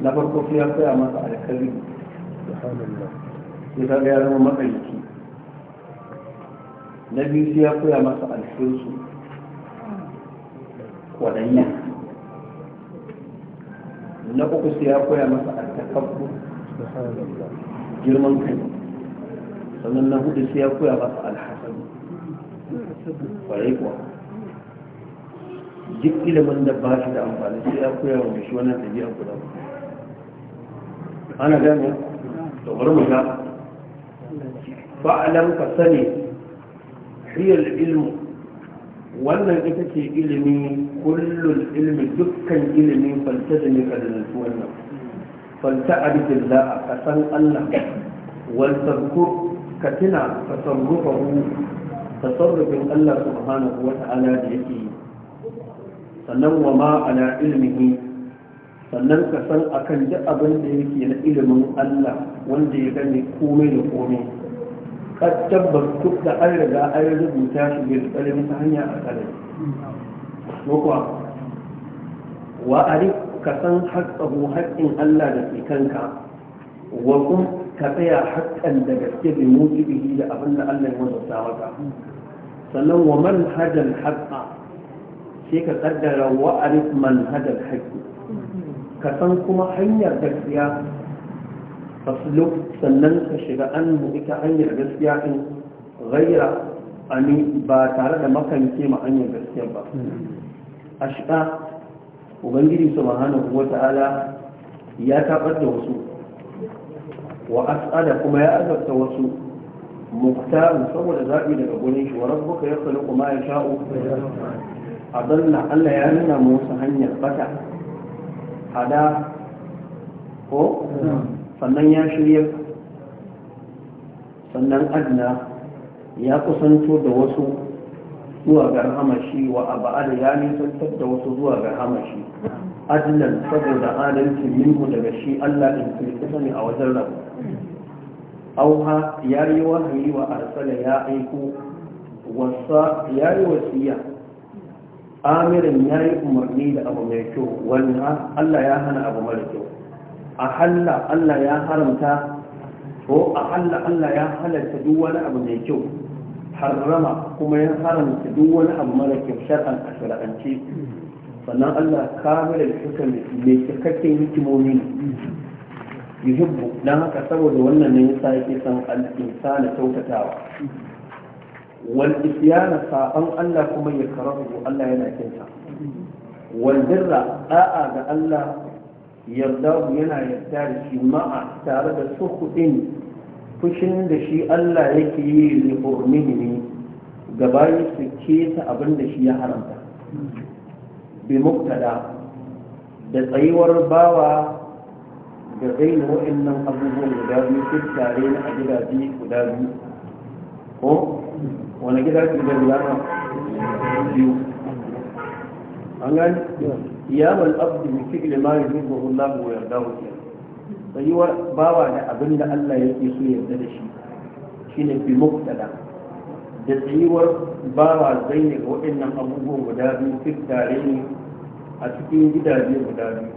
na farko sai ya koya masa alkali sai ka ga ya zama matsalici na biyu sai ya koya masa alfinsu kwaɗanya na uku sai ya koya masa altakabbu girman kai sannan na hudu sai ya koya masa alhassanu kwarai kuwa duk ilimin da ba shi da amfani sai ya koya wa shi wannan ɗabi'a guda ana gane da wani muta fa'alam ka sani riyar ilmu wannan ita ce ilimi kullum ilmi dukkan ilimi falta da ne kadanatu wannan falta abdullah a kasan allah waltarku ka tuna tasarrufahu tasarrufin allah subhanahu wa ta'ala da yake sannan wa ma ala ilmihi sannan ka san akan duk abin da yake na ilimin Allah wanda ya gane komai da komai ka tabbas duk da an riga an rubuta shi bil kalmi ta hanya a kalmi kuwa wa arif ka san haqqahu haƙƙin Allah da ke kanka wa kun ka tsaya haqqan da gaske bi mujibihi da abin da Allah ya wajabta maka sannan wa manhajal haqqa sai ka kaddara wa arif manhajal haqqi ka san kuma hanyar gaskiya fasluk sannan ka shiga an ita hanyar gaskiya in gaira ani ba tare da makance ma hanyar gaskiya ba a shiga ubangiji subhanahu wata'ala ya tabar da wasu wa as'ada kuma ya azabta wasu muktarin saboda zaɓi daga gurin shi wa rabbuka ya kuma ya sha'u Allah ya nuna mu wasu hanyar bata hada ko sannan ya shirya sannan adna ya kusanto da wasu zuwa ga hamashi wa aba'ada ya nisantar da wasu zuwa ga hamashi saboda adalci minhu daga shi Allah in kulkusa ne a wajen rabu auha ya yi wahayi wa arsala ya aiko wasa ya yi wasiya amirin ya yi umarni da abu mai kyau wani Allah ya hana abu mara kyau a halla Allah ya haramta ko a halla Allah ya halarta duk wani abu mai kyau harrama kuma ya haramta duk wani abu mara kyau shar'an a sannan Allah kamilin hukami mai cikakken hikimomi yuhibbu don haka saboda wannan ne yasa yake san al na kyautatawa wal isyana saban Allah kuma ya karahu Allah yana kinsa wal birra da'a ga Allah yarda yana yarda da shi ma'a tare da kuɗi fushin da shi Allah yake yi li hurmihi ga bayi su keta abin da shi ya haramta bi muktada da tsayuwar bawa da zaina wa'annan abubuwan guda biyu duk tare na a gidaje guda biyu wani gida su da lana biyu an gani ya mal abdu bi fi'li ma yuhibbu Allah wa yardahu tsayuwar bawa da abin da Allah yake so yarda da shi shine bi muqtada da tsayuwar bawa zai ne ga waɗannan abubuwan guda biyu fi tare ne a cikin gidaje guda biyu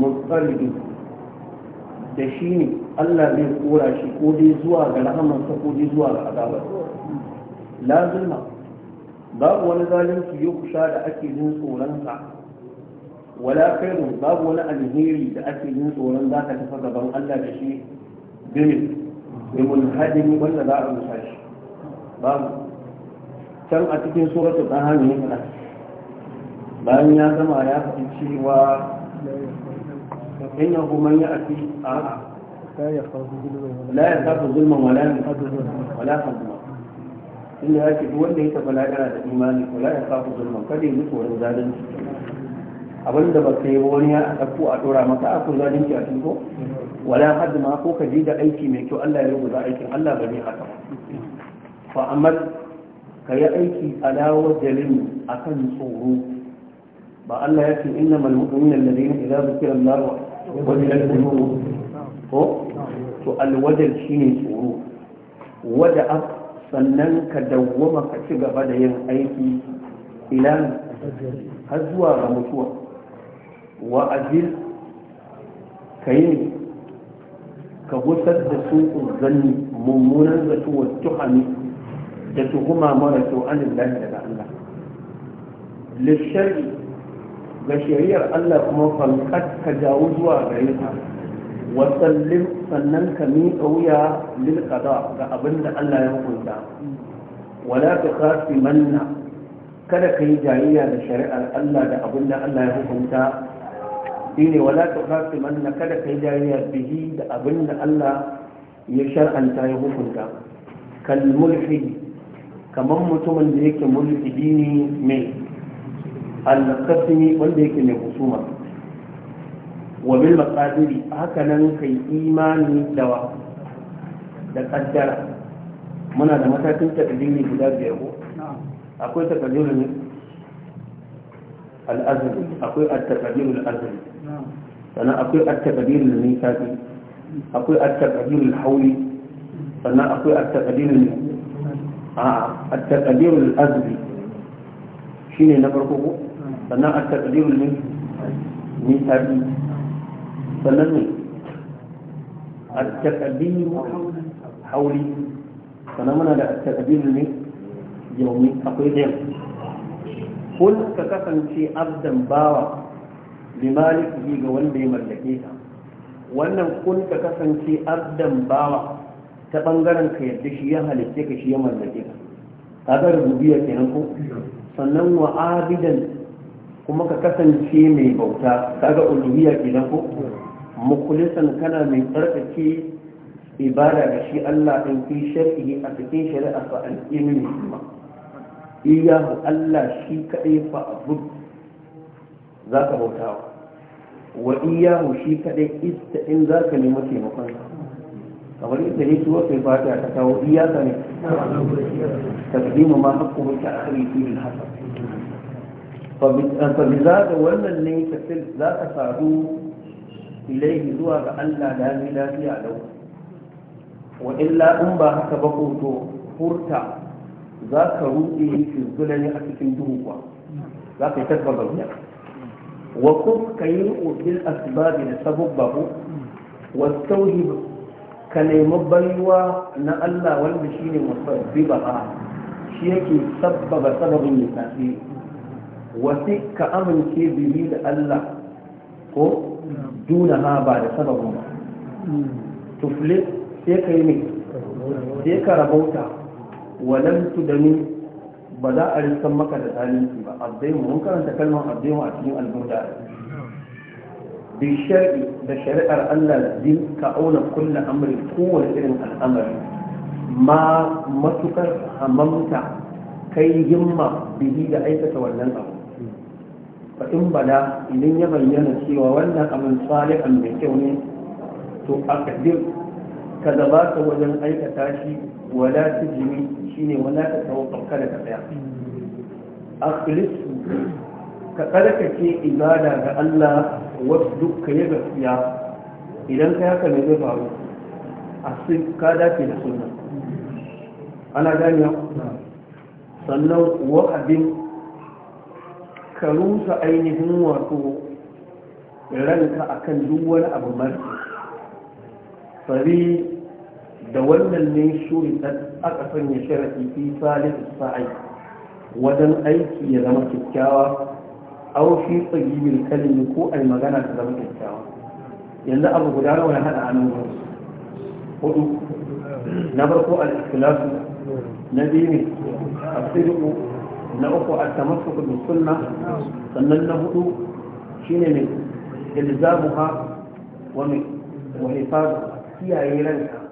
mutsalidu da shi ne Allah zai kora shi ko dai zuwa ga rahamansa ko dai zuwa ga azabarsa la zulma babu wani zalunci yukusha da ake jin tsoronsa wala khairun babu wani alheri da ake jin tsoron za ka tafi gaban Allah da shi bimin bimin hadin wanda za a rusa shi babu can a cikin suratul daha ne kana bayan ya zama ya fi cewa innahu man ya'ti a'a لا يخاف ظلما ولا ولا يخاف ظلما ولا فضلا inda ya ce wanda ya taɓa lahira da imani ko la ya kafa zulman kada ya mutu wani zalunci abin da ba ka yi wani ya a ɗauko a ɗora maka a kun zalunci a cikin ko wala hadda ma ko ka je da aiki mai kyau Allah ya yi rubuta aikin Allah ba ne haka fa amal ka yi aiki alawar jalin a kan tsoro ba Allah ya ce inna malmu'min alladhina idza zukira Allah wa wajilat qulubuhum ko to shi ne tsoro wada sannan ka dawwama ka ci gaba da yin aiki ilan har zuwa ga mutuwa wa ajil ka yi ka gusar da su zanni mummunan zato wa tuhami da tuhuma mara kyau an lillahi daga Allah lishari ga shari'ar Allah kuma falkat ka jawo zuwa gare ta wasallim sannan ka miƙa wuya lil qada ga abin da Allah ya hukunta wala ka kafi manna kada ka yi jayayya da shari'ar Allah da abin da Allah ya hukunta shine wala ka kafi manna kada ka yi jayayya bihi da abin da Allah ya shar'anta ya hukunta kal mulhidi kaman mutumin da yake mulhidi ne mai al wanda yake mai husuma wa bil maqadiri hakanan nan kai imani da wa da kaddara muna da matakin takdiri guda biyar ko akwai takdirin al-azli akwai at-takdir al-azli sannan akwai at-takdir al-misaqi akwai at-takdir al-hawli sannan akwai at-takdir a at-takdir al-azli shine na farko ko sannan at-takdir al-misaqi sannan ne a takadiru hauli sannan muna da takadiru ne yaumi akwai ɗaya kun ka kasance abdan bawa limaliki ga wanda ya mallake ka wannan kun ka kasance abdan bawa ta bangaren ka yadda shi ya halitta ka shi ya mallake ka ga rububiyya kenan ko sannan wa abidan kuma ka kasance mai bauta ga uluhiyya kenan ko mukulisan kana mai tsarkake ibada da shi Allah ɗin fi shari'i a cikin shari'a fa al'imin kuma iyahu Allah shi kaɗai fa abu za ka bautawa wa iyahu shi kaɗai ista in za ka nemi taimakon kamar ita ne tuwa kai fata ta kawo iyaka ne takdimu ma haƙƙo mai ta'ari filin hasa fa bi za ka wannan ne ka za ka sadu ilaihi zuwa ga Allah da mai lafiya lau wa illa in ba haka ba ko to furta za ka ruɗe fi zulani a cikin duhu kuwa za ka yi tabbar wa kun ka yi bil asbabi da sababba wa ka nemi baiwa na Allah wanda shine musabbiba ha shi yake sabbaba sababin ya tafi ka amince bihi da Allah ko duna ha ba da sababin ba tufle sai ka yi mai sai ka rabauta walam ba za a riskan maka da zalunci ba abdaimu mun karanta kalmar abdaimu a cikin alburda bishari da shari'ar Allah din ka auna kulla amri kowane irin al'amari ma matukar hamamta kai himma bihi da aikata wannan abu fa in bala idan ya bayyana cewa wannan abin salihan mai kyau ne to a kadir ka ka wajen aikata shi wala ta jimi shine wala ta tawakkal kada ka tsaya akhlis ka ke ibada ga Allah wasu duk ya gaskiya idan ka yaka ne zai faru a ka dace da sunan, ana ganiya sannan abin. ka rusa ainihin wato ranka akan duk wani abu marci fari da wannan ne shuri aka sanya sharafi fi salisu sa'ai wajen aiki ya zama kyakkyawa aw fi tsagibin kalmi ko ai magana ta zama kyakkyawa yanzu abu guda nawa ya hada anan nan hudu na farko al na biyu asiru na uku a tamassuku bi sunna sannan na hudu shine ne ilzamuha wa min wa hifaz kiyaye ranka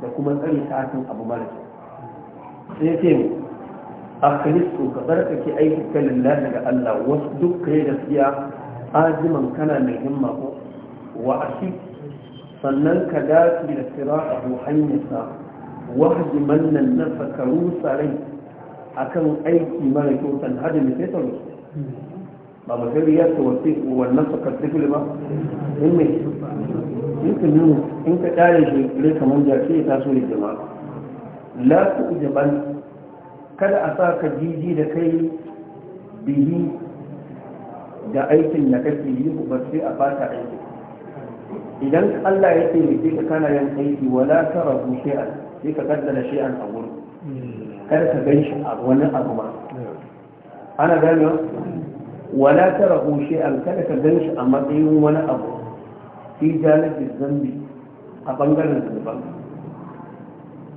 da kuma tsare ta akan abu mara sai ce mu akhlisu ka aiki ayyuka lillahi ga Allah wasu duk kai gaskiya ajiman kana mai himma ko wa ashi sannan ka dace da sirata ko hanyarsa wahdi na nafaka rusa rai akan aiki mara kyau san hada mai sai sauransu ba ba sai riyar ta wasu wannan su karfi ba in mai in ka nuna in ka ɗare shi rai kamar jace ya taso ne jama'a la ku jaban kada a sa ka jiji da kai bihi da aikin da kake yi ba sai a fata aiki idan Allah ya taimake ka kana yin aiki wala tara rabu shay'an sai ka kaddara shay'an a gurbi. kada ka gan shi a wani abu ba ana gane wala tara hushe an kada ka gan shi a matsayin wani abu fi jalibin zambi a bangaren zunuban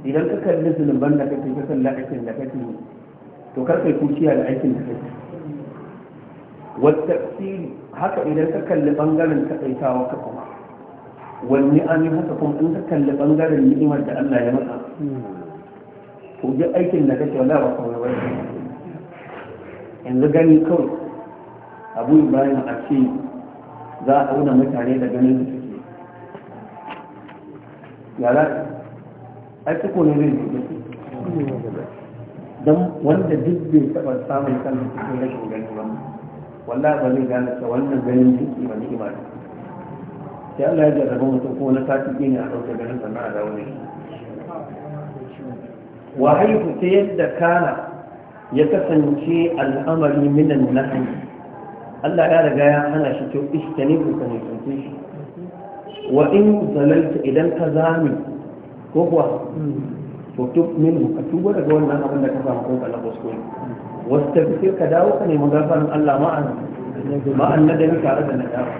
idan ka kalli zunuban da kake ka kalli aikin da kake to kar kai kuciya da aikin da kake wata haka idan ka kalli bangaren kaɗaitawa ka kuma wani an yi haka kuma in ka kalli bangaren ni'imar da Allah ya maka kuje aikin da kake wala ba kawai wani yanzu gani kawai abu ibrahim a ce za a auna mutane da ganin da suke yara a ko ne zai zuwa don wanda duk bai taɓa samun kanin cikin rashin gani ba wallah ba zai gane ta wannan ganin jiki ba ni'ima ne sai Allah ya jarraba mutum ko na sati ne a ɗauke ganin sannan a dawo ne wa haihu ta yadda kana ya kasance al'amari minan nahi Allah ya riga ya hana shi to istani ku kan shi wa in zalalta idan ka zami ko kuwa to tub min ka tuba daga wannan abin da ka samu ko kana kuskure wastaghfir ka dawo ka nemi gafarin Allah ma'an ma'an nadami tare da na nadama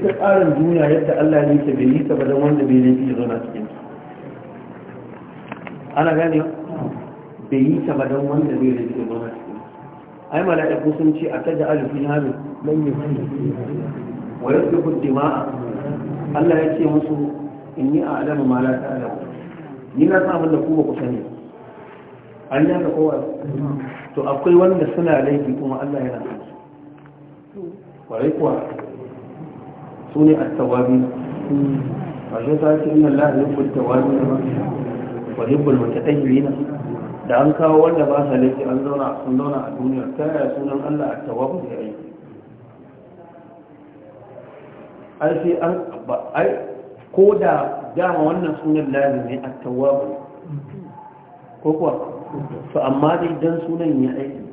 ita tsarin duniya yadda Allah ne ta bai yi ta ba dan wanda bai laifi ya zo na cikin ana gane bai yi ta ba don wanda zai rage da cikin. ai mala'iku sun ce a ta da na hami man yi wa yadda kuddima Allah ya ce musu yi a alamu ma la ta'lamu ni na samun abin da ku ba ku sani an yi haka kowa to akwai wanda suna laifi kuma Allah yana san su kwarai kuwa su ne a tawabi ba shi ta ce inna Allah yuhibbu at ba. wa hibbul da an kawo wanda ba sa laifi an zauna sun zauna a duniya ta yaya sunan Allah a tawabu da rai ai sai an ba ai ko da dama wannan sunan lazim ne a tawabu ko kuwa to amma dai dan sunan ya aiki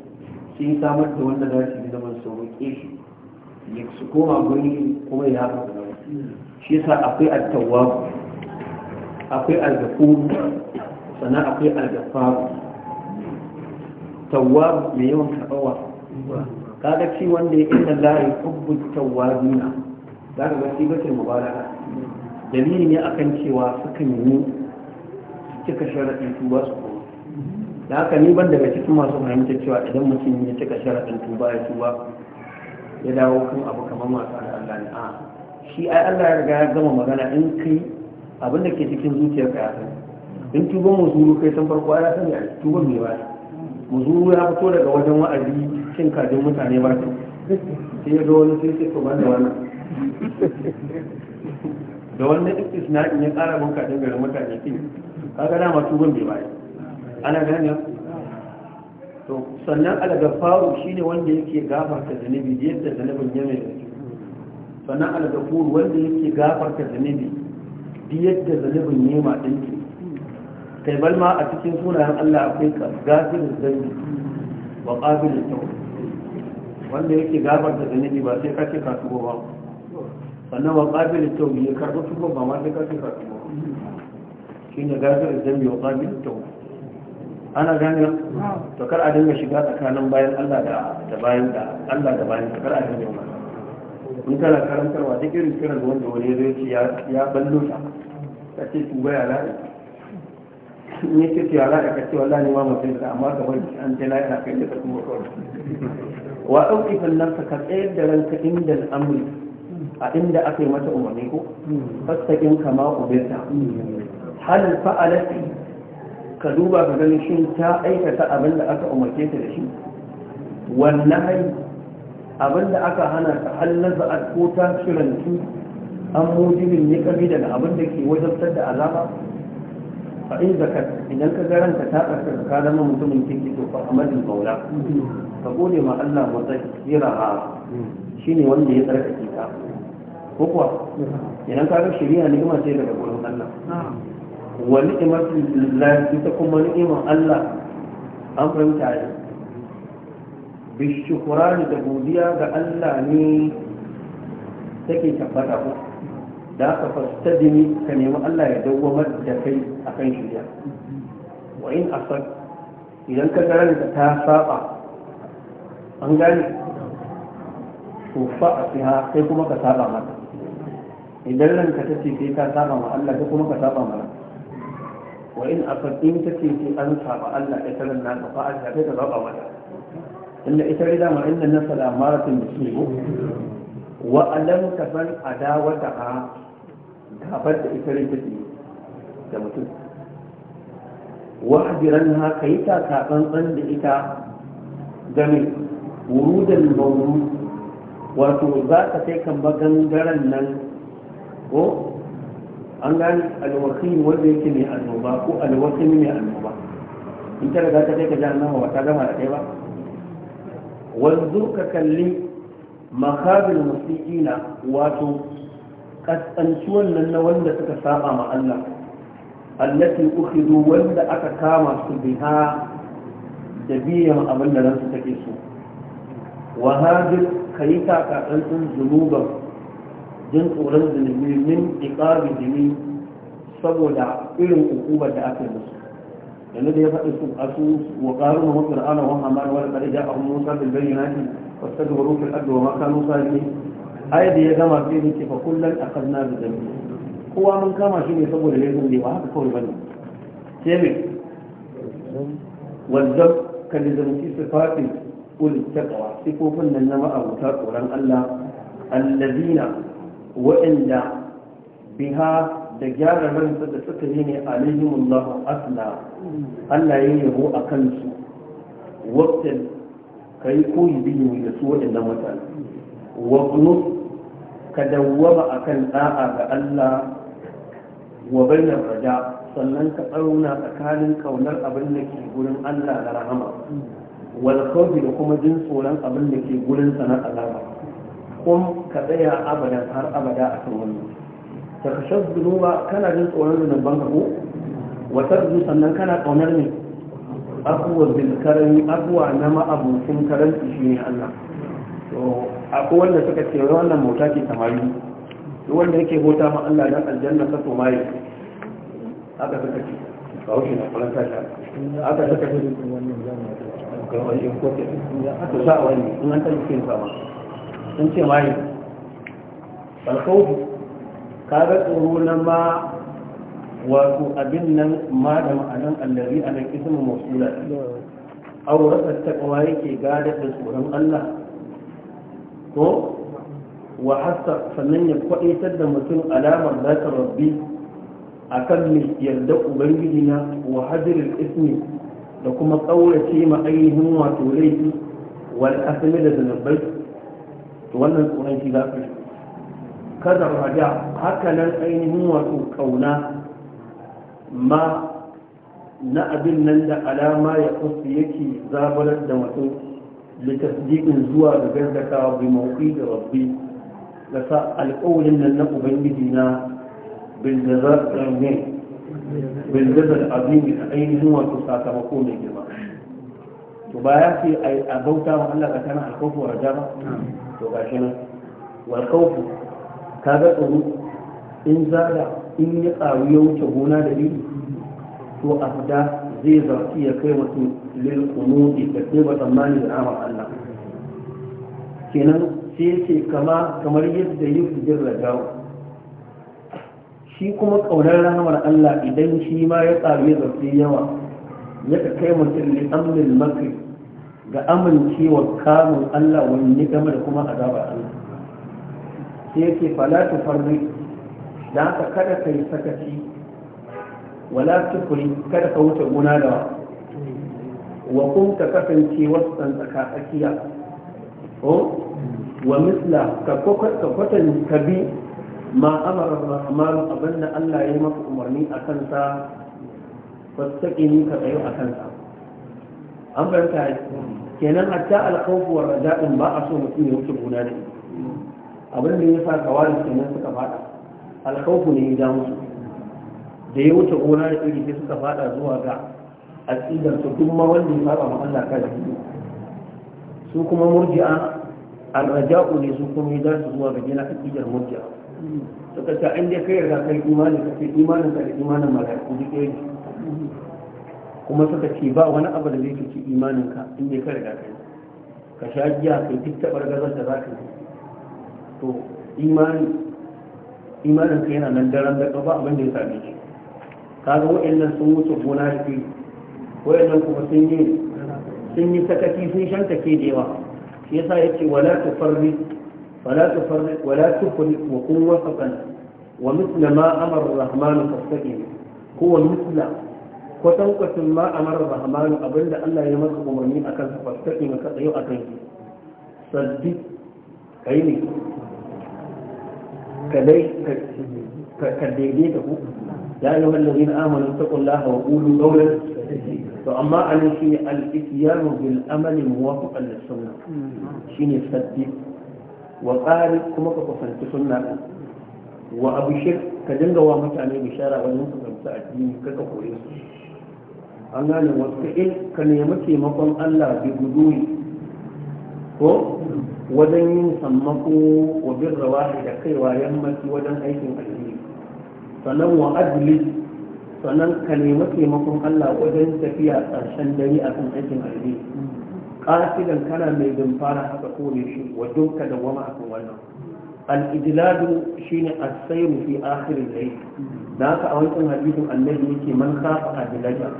sai samar da wanda za su yi zaman sauƙe shi ya su koma guri kuma ya da shi yasa akwai a tawabu akwai al sannan akwai al tawwabu mai yawan karbawa kaga shi wanda ya inna la yuhibbu tawwabina zaka ga sifatul mubaraka dalili ne akan cewa sukan yi cika sharadin tuba su ko da haka ni ban daga cikin masu fahimtar cewa idan mutum ya cika sharadin tuba ya tuba ya dawo kan abu kamar masu da Allah ne a shi ai Allah ya riga ya gama magana in kai abin da ke cikin zuciyar ka ya sani in tuban muzuru kai san farko ya sani a tuban mai ba muzuru ya fito daga wajen wa'azi cin kajin mutane ba Ta sai ya ga wani sai sai to ban da wannan da wannan istisna'in ya kara mun kajin garin mutane kin kaga dama tuban bai ba ana gane to sannan al shi shine wanda yake gafarta zanubi yadda zanubin ya mai sannan al-gafuru wanda yake gafarta zanubi duk yadda zanubin nema ɗinki kai balma a cikin sunayen Allah akwai ka gafirin zanbi wa ƙabilin tau wanda yake gabar da zanubi ba sai kace ka tuba ba sannan wa ƙabilin tau ya karɓi tuba ba ma sai kace ka tuba shi ne gafirin zanbi wa ƙabilin tau ana gane to kar a dinga shiga tsakanin bayan Allah da bayan da Allah da bayan kar a dinga in tana karantarwa duk irin kiran wanda wani zai ce ya ballo ta ta ce tuba ya la'i in ya ce ya la'i ka ce wallahi ne ma mutum da amma ka bari an ce la'i na kai da kuma kawai wa ɗauki fannarsa ka tsayar da ranka inda al'amuri a inda aka yi mata umarni ko fastakin kama ubirta hal fa'alati ka duba ka ganin shin ta aikata abin da aka umarce ta da shi wannan abinda aka hana ka hallaza a ko ta shirantu an mujibin ne kami daga abinda ke wajabtar da azaba fa in zakat idan ka ga ranka ta tsarkaka ka zama mutumin kiki to fa amalin maula ka gode ma Allah wa tsakiraha shine wanda ya tsarkake ka ko kuwa idan ka ga shari'a ni'ima ce daga gurin Allah wa ni'imatu lillahi ta kuma ni'imar Allah an fahimta bishukurani da godiya ga Allah ne take tabbata ku da aka fastadini ka nemi Allah ya dawwamar da kai kan shirya wa in asar idan ka garan da ta saba an gane to fa asiha sai kuma ka saba mata idan ranka ta ce sai ka saba ma Allah sai kuma ka saba mana wa in asar in ta ce sai an saba Allah ya taranna ka fa asiha sai ka saba mata inda ita rida ma inda nasa da maratun da su ko wa alam ka san adawata a gabar da ita rida ce da mutum wahdiran ha yi ta kasan san da ita game wurudan bauru wato za ka kai kan bagangaren nan ko an gani alwakin wanda yake mai annoba ko alwakin mai annoba in ta riga ta kai ka jihar nan ba ta gama da kai ba wanzu ka kalli makabin musi'ina wato katsancuwan nan na wanda suka saba ma Allah allati ukhidu wanda aka kama su biha da biyan abin da ransu take so wa hadir kayi kakakantun zunuban jin tsoron zunubi min iqabi jini saboda irin ukubar da aka musu yanzu da ya faɗi su asu wa qaruna wa qur'ana a hamana wa laqad ja'ahum musa bil bayyinati fastajbaru fil ardi wa ma kanu salihin ayat ya gama sai ne fa kullan aqadna bi dhanbi kowa mun kama shi ne saboda laifin ne ba haka kawai bane sai me wazzab kalizanci sifatin tsoron Allah allazina wa'anda biha da gyara ransa da suka yi ne alaihimullahu asla Allah ya yabo a kansu waktin ka yi koyi biyu da su waɗannan mutane waknu ka dawwama a kan ɗa'a ga Allah wa bainar raja sannan ka tsauna tsakanin ƙaunar abin da ke gurin Allah da rahama wal khawfi da kuma jin tsoron abin da ke gurin sana azaba kun ka tsaya abadan har abada a kan wannan takashar ba kana jin tsoron zunuban banka ko wata zunubi sannan kana kaunar ne abuwa karami. abuwa na ma'abokin karanci shi ne allah akwai wanda suka ce wannan mota ce samari wanda yake bota ma allah don aljanna ta somari haka suka ce kawai na ta shi haka suka ce ga wani kofi haka za a wani in an tafi fin sama sun ce mai alkawai kaga tsoro na ma wato abin nan ma da ma'anan allazi a nan ismu masula ta taqwa yake gada da tsoron Allah ko wa hasa sannan ya kwadaitar da mutum alamar zata rabbi akan mai yarda ubangiji na wa hadirin ismi da kuma ƙaurace ma ainihin wato laifi wal asmi da zanabbai to wannan tsoron shi za ka kadar raja haka nan ainihin wato kauna ma na abin nan da alama ya kusa yake zabarar da mutum litasdiqin zuwa ga gaggata bi mawqi da rabbi da sa alƙawlin nan na ubangiji na bil jazaa min bil jazaa da ainihin wato sakamako mai girma to ba ya ce a bauta wa Allah ka tana alkhawfu wa raja ba to shi nan wal khawfu ta ga tsoro in zaga in ya ƙaru ya wuce gona da biyu to a fita zai zafi ya kai wasu lil kunudi da kai ba tsammani da Allah kenan sai ce kama kamar yadda yi jirra jawo shi kuma ƙaunar rahamar Allah idan shi ma ya ƙaru ya zafi yawa ya ka kai mutum li amlil makri ga amincewa kamun Allah wani game da kuma azabar Allah sai yake fala tu farri da haka kada ka yi sakaci wala tukuri kada ka wuce guna da wa kun ka kasance wasu tsantsaka tsakiya ko wa misla ka kwatan ka bi ma amara rahmanu abinda Allah ya yi maka umarni a kansa su ni ka tsayo a kansa an fahimta kenan hatta alkhawfu wa raja'in ba a so mutum ya wuce guna da abin da ya sa da kenan suka fada alkawfu ne ya ja musu da ya wuce gona da iri sai suka fada zuwa ga aqidar su duk ma wanda ya saba Allah Allah kada su kuma murji'a arraja'u ne su kuma ya dace zuwa ga gina aqidar murji'a suka ce an dai kai ga kai imani ka ce imanin ka da imanin mala'iku duk yayi kuma suka ce ba wani abu da zai fice imanin ka in dai ka riga kai ka sha giya kai duk ta bargazar da za ka yi to imani imanin ka yana nan daren daga ba abin da ya sami shi kaga wa'annan sun wuce gona da fi wa'annan kuma sun yi sun yi sakaki sun shanta ke da yawa shi yasa sa wala ce wala tufarri wala tufri wa kun wasaqan wa mithla ma amara ar-rahmanu ko huwa mithla kwatankwacin ma amara rahmanu abinda Allah ya maka umarni akan sa fastaqim ka tsayo akan shi saddi kai ne كدي كديدي تكو يا أيها الذين آمنوا اتقوا الله وقولوا قولا فأما أن شيء الإتيان بالأمل موافقا للسنة شيء صدق وقارب كما كفنت سنة وأبشر كدنغ ومتعني بشارة ونمسك أمساء الدين كتقوين an gane wasu in ka nemi taimakon Allah bi guduri ko wajen yin sammako wa birrawa da kaiwa yammaci wajen aikin alheri sannan wa adlis sannan ka nemi taimakon Allah wajen tafiya ƙarshen dare a kan aikin alheri ƙasidan kana mai bin fara haka kone shi wa doka da wama a kan wannan al-ijladu shine as-sayru fi akhir al-layl da haka a wancan hadisin annabi yake man khafa ajlaja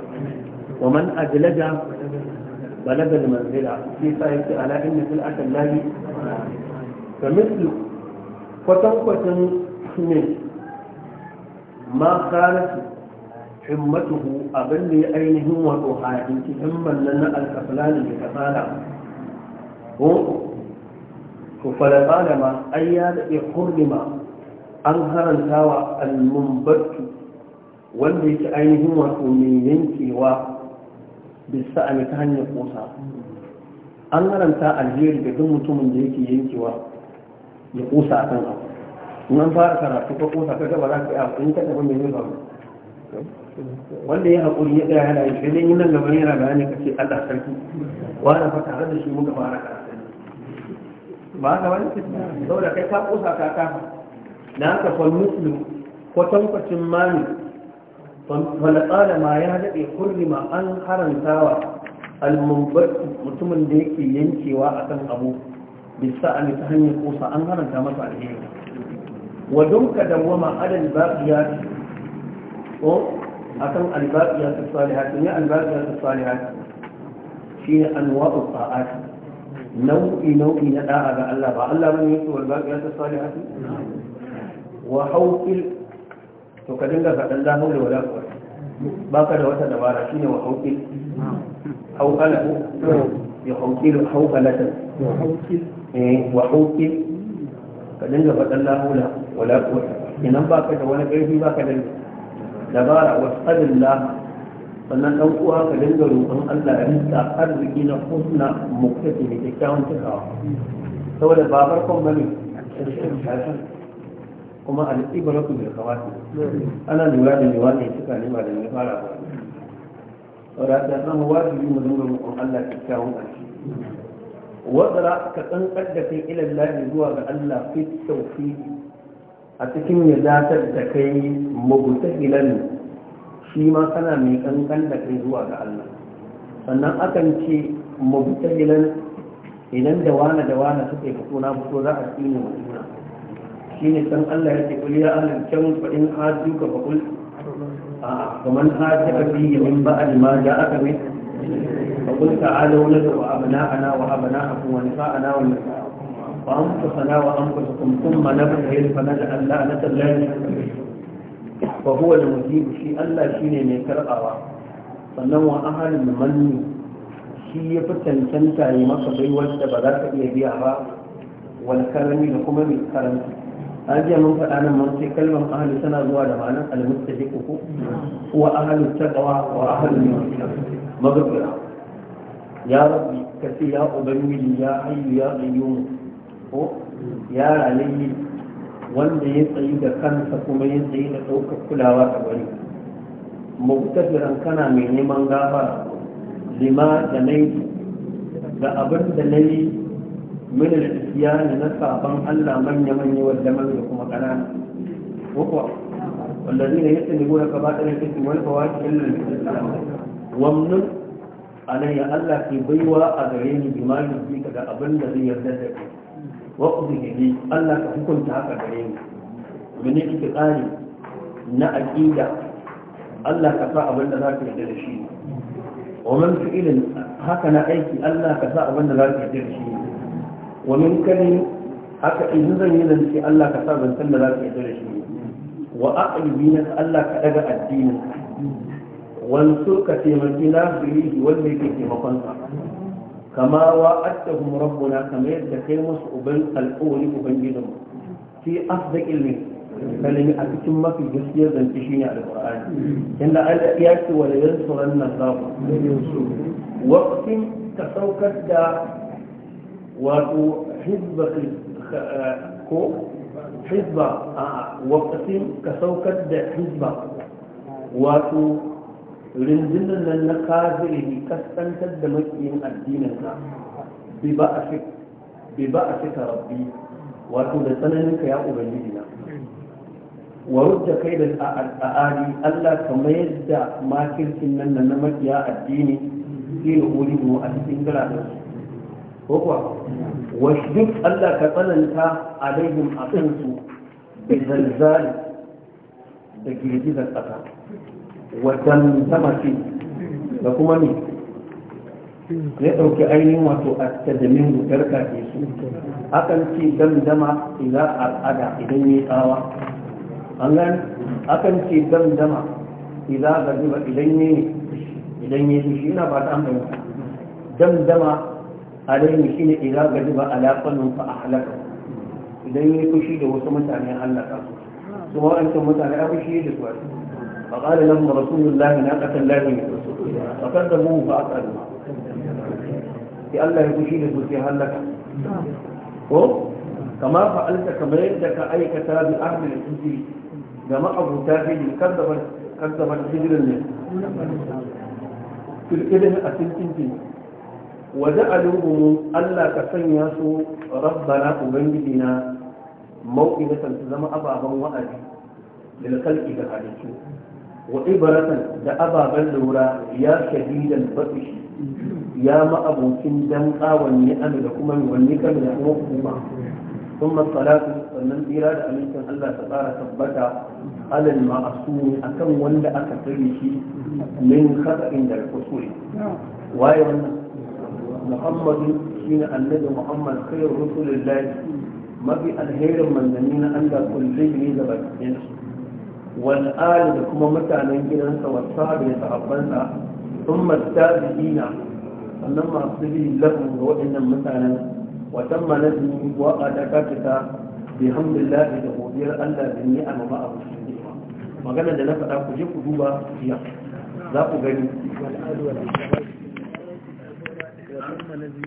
wa man ajlaja بلغ المنزلة في سايك على إن في الأكل الله فمثل فتنقة من ما كانت himmatuhu abin da ya ainihin wato haɗinki himman nan na alkafilani da kasala ko to falasala ma ai ya daɗe hurlima an harantawa almumbattu wanda yake ainihin wato mai yankewa bisa a ta hanyar kosa an haranta aljeri da duk mutumin da yake yankewa ya kosa a kan abu nan an fara karatu ko kosa ka gaba za ka yi abu in ka tafi mai yawa wanda ya haƙuri ya tsaya yana yin shi yi nan gaban yana da ka ce allah sarki wani fa tare da shi muka fara karatu ba haka wani saboda kai ka kosa ka kafa da haka fa muslim kwatankwacin mani walaƙala ma ya daɗe hurrima an harantawa almubatu mutumin da yake yankewa a kan abu bisa a ta hanyar kusa an haranta masa alheri wa dunka ma adal baqiyat ko akan albaqiyat as-salihat ne albaqiyat as-salihat shi anwa'u ta'at nau'i nau'i na da'a ga Allah ba Allah bane yake wal baqiyat as-salihat wa hawqil to ka dinga faɗin zamun da wala kuwa ba ka da wata dabara shi ne wa hauƙi hauƙala ya hauƙi da hauƙalata wa hauƙi ka dinga faɗin zamun da wala kuwa inan ba ka da wani ƙarfi ba ka da dabara wa tsadin sannan ɗan uwa ka dinga roƙon Allah ya rinka arziki na husna muktafi da kyakkyawan cikawa saboda ba farkon bane kuma al'ibaratu da kawai ana lura da mai wani suka ne ba da mai fara ba saboda ta zama yi mu dinga roƙon Allah ta kyakkyawan ƙarshe wadara ka tsantsar da kai ilal lahi zuwa ga Allah fi sauki a cikin ya zatar da kai mubtahilan shi ma kana mai kankan da kai zuwa ga Allah sannan akan ce mubtahilan idan da wani da wani suke yi fito na fito za a tsine mutum shine san Allah yake kul ya ahlal kawm fa in haduka fa kul a kaman hajaka fi min ba'd ma ja'aka min fa kul ta'alu nadu abna'ana wa abna'akum wa nisa'ana wa nisa'akum وأنفسنا وأنفسكم ثم نبتهل فنجعل لعنة الله وهو المجيب شيء ألا شيء من كرقرة sannan wa ahalin manni shi ya fi cancanta yi maka baiwar da ba za ka iya biya ba wal karami da kuma mai karanci an jiya mun faɗa nan mun ce kalmar ahalu tana zuwa da ma'anar almustahiq ko wa ahalu taqwa wa ahalu maghfira ya rabbi kasi ya ubangiji ya hayyu ya qayyum ko ya ralayyi wanda ya tsayi da kansa kuma ya tsayi da ɗaukar kulawa a gari mubtafiran kana mai neman gafara lima da naitu ga abin da na yi mana da tafiya ne na sabon Allah manya-manya wadda manya kuma ƙanana. Kuka, wanda zai na yadda nemo na ka ba ɗan cikin wani kawo cikin nan da ta Wannan a nan ya Allah ke baiwa a gare ni jimani ji daga abin da zai yarda da kai. Wasu zigiri Allah ka hukunta haka gare ni. Mene ki tsari na aƙida Allah ka sa abin da za ka yarda da shi. Wannan fi'ilin haka na aiki Allah ka sa abin da za ka yarda da shi. ومن كلم haka idan zan yi zance Allah ka sa zancen da za ka yarda da shi wa aqlibi na Allah ka daga addinin wansu ka taimaki na wanda yake taimakon sa kama wa attahum rabbuna kama yadda kai musu uban alƙawari ubangijin mu fi afda ilmi kalimi a cikin mafi gaskiyar zance shine alqur'ani inda Allah ya ce wa la yansuranna Allah waqtin ka saukar da wato hizba eh, ko hizba a wakasin ka saukar da hizba wato rindunan nan na kafiri kaskantar da makiyin addininka bi ba a bi ba a fika rabbi wato da tsananinka ya ubangiji na wa rujja kai da al'adi Allah ka mayar da makircin nan na makiya addini sai da wuri a cikin garadarsu ko kuwa washdud Allah ka tsananta alaihim a kansu da zalzali da girgizar ƙasa wajen zamafi da kuma ne ya ɗauki ainihin wato a tajamin wutar kafin su akan ce damdama ila al'ada idan ya tsawa an gani akan ce damdama ila gajiba idan ya idan ya shi na ba ta amfani bayyana damdama alaihi shine idan gadi ba alaƙanin fa a halaka idan yi fushi da wasu mutane halaka su su wa'ancan mutane a fushi da su wasu faƙaɗa nan ma rasulullahi na ƙasar lafi ne faƙar da mu ba a tsari sai Allah ya fushi da su sai halaka ko kama fa'alta kamar yadda ka aikata bi ahlil hijri ga ma'abuta hijri kaddabar kaddabar hijrin ne fil ilmi a cikin cikin waje alubumu Allah ka sanya su rabbana ubangijina mau'izatan su zama ababen wa'azi da kalki ga halittu wa ibaratan da ababen lura ya shadidan baɗi ya ma'abokin dan wanne abu da kuma wanne kan da kuma kuma sun masalatu sannan tsira da amincin Allah ta tsara tabbata alal ma'asumi akan wanda aka tsare shi min kasa'in da kusuri waye wannan محمد شين النبي محمد خير رسول الله ما في الهير من دنين أن كل جيل لبك والآل لكم متى نجد أنت والصحب يتعبنها ثم التابعين أنما أصلي لهم وإن مثلا وتم نزمي وأدكتك بحمد الله لغودير ألا بالنعم ما أبو magana da na faɗa ku je ku duba jiya za ku gani Gracias.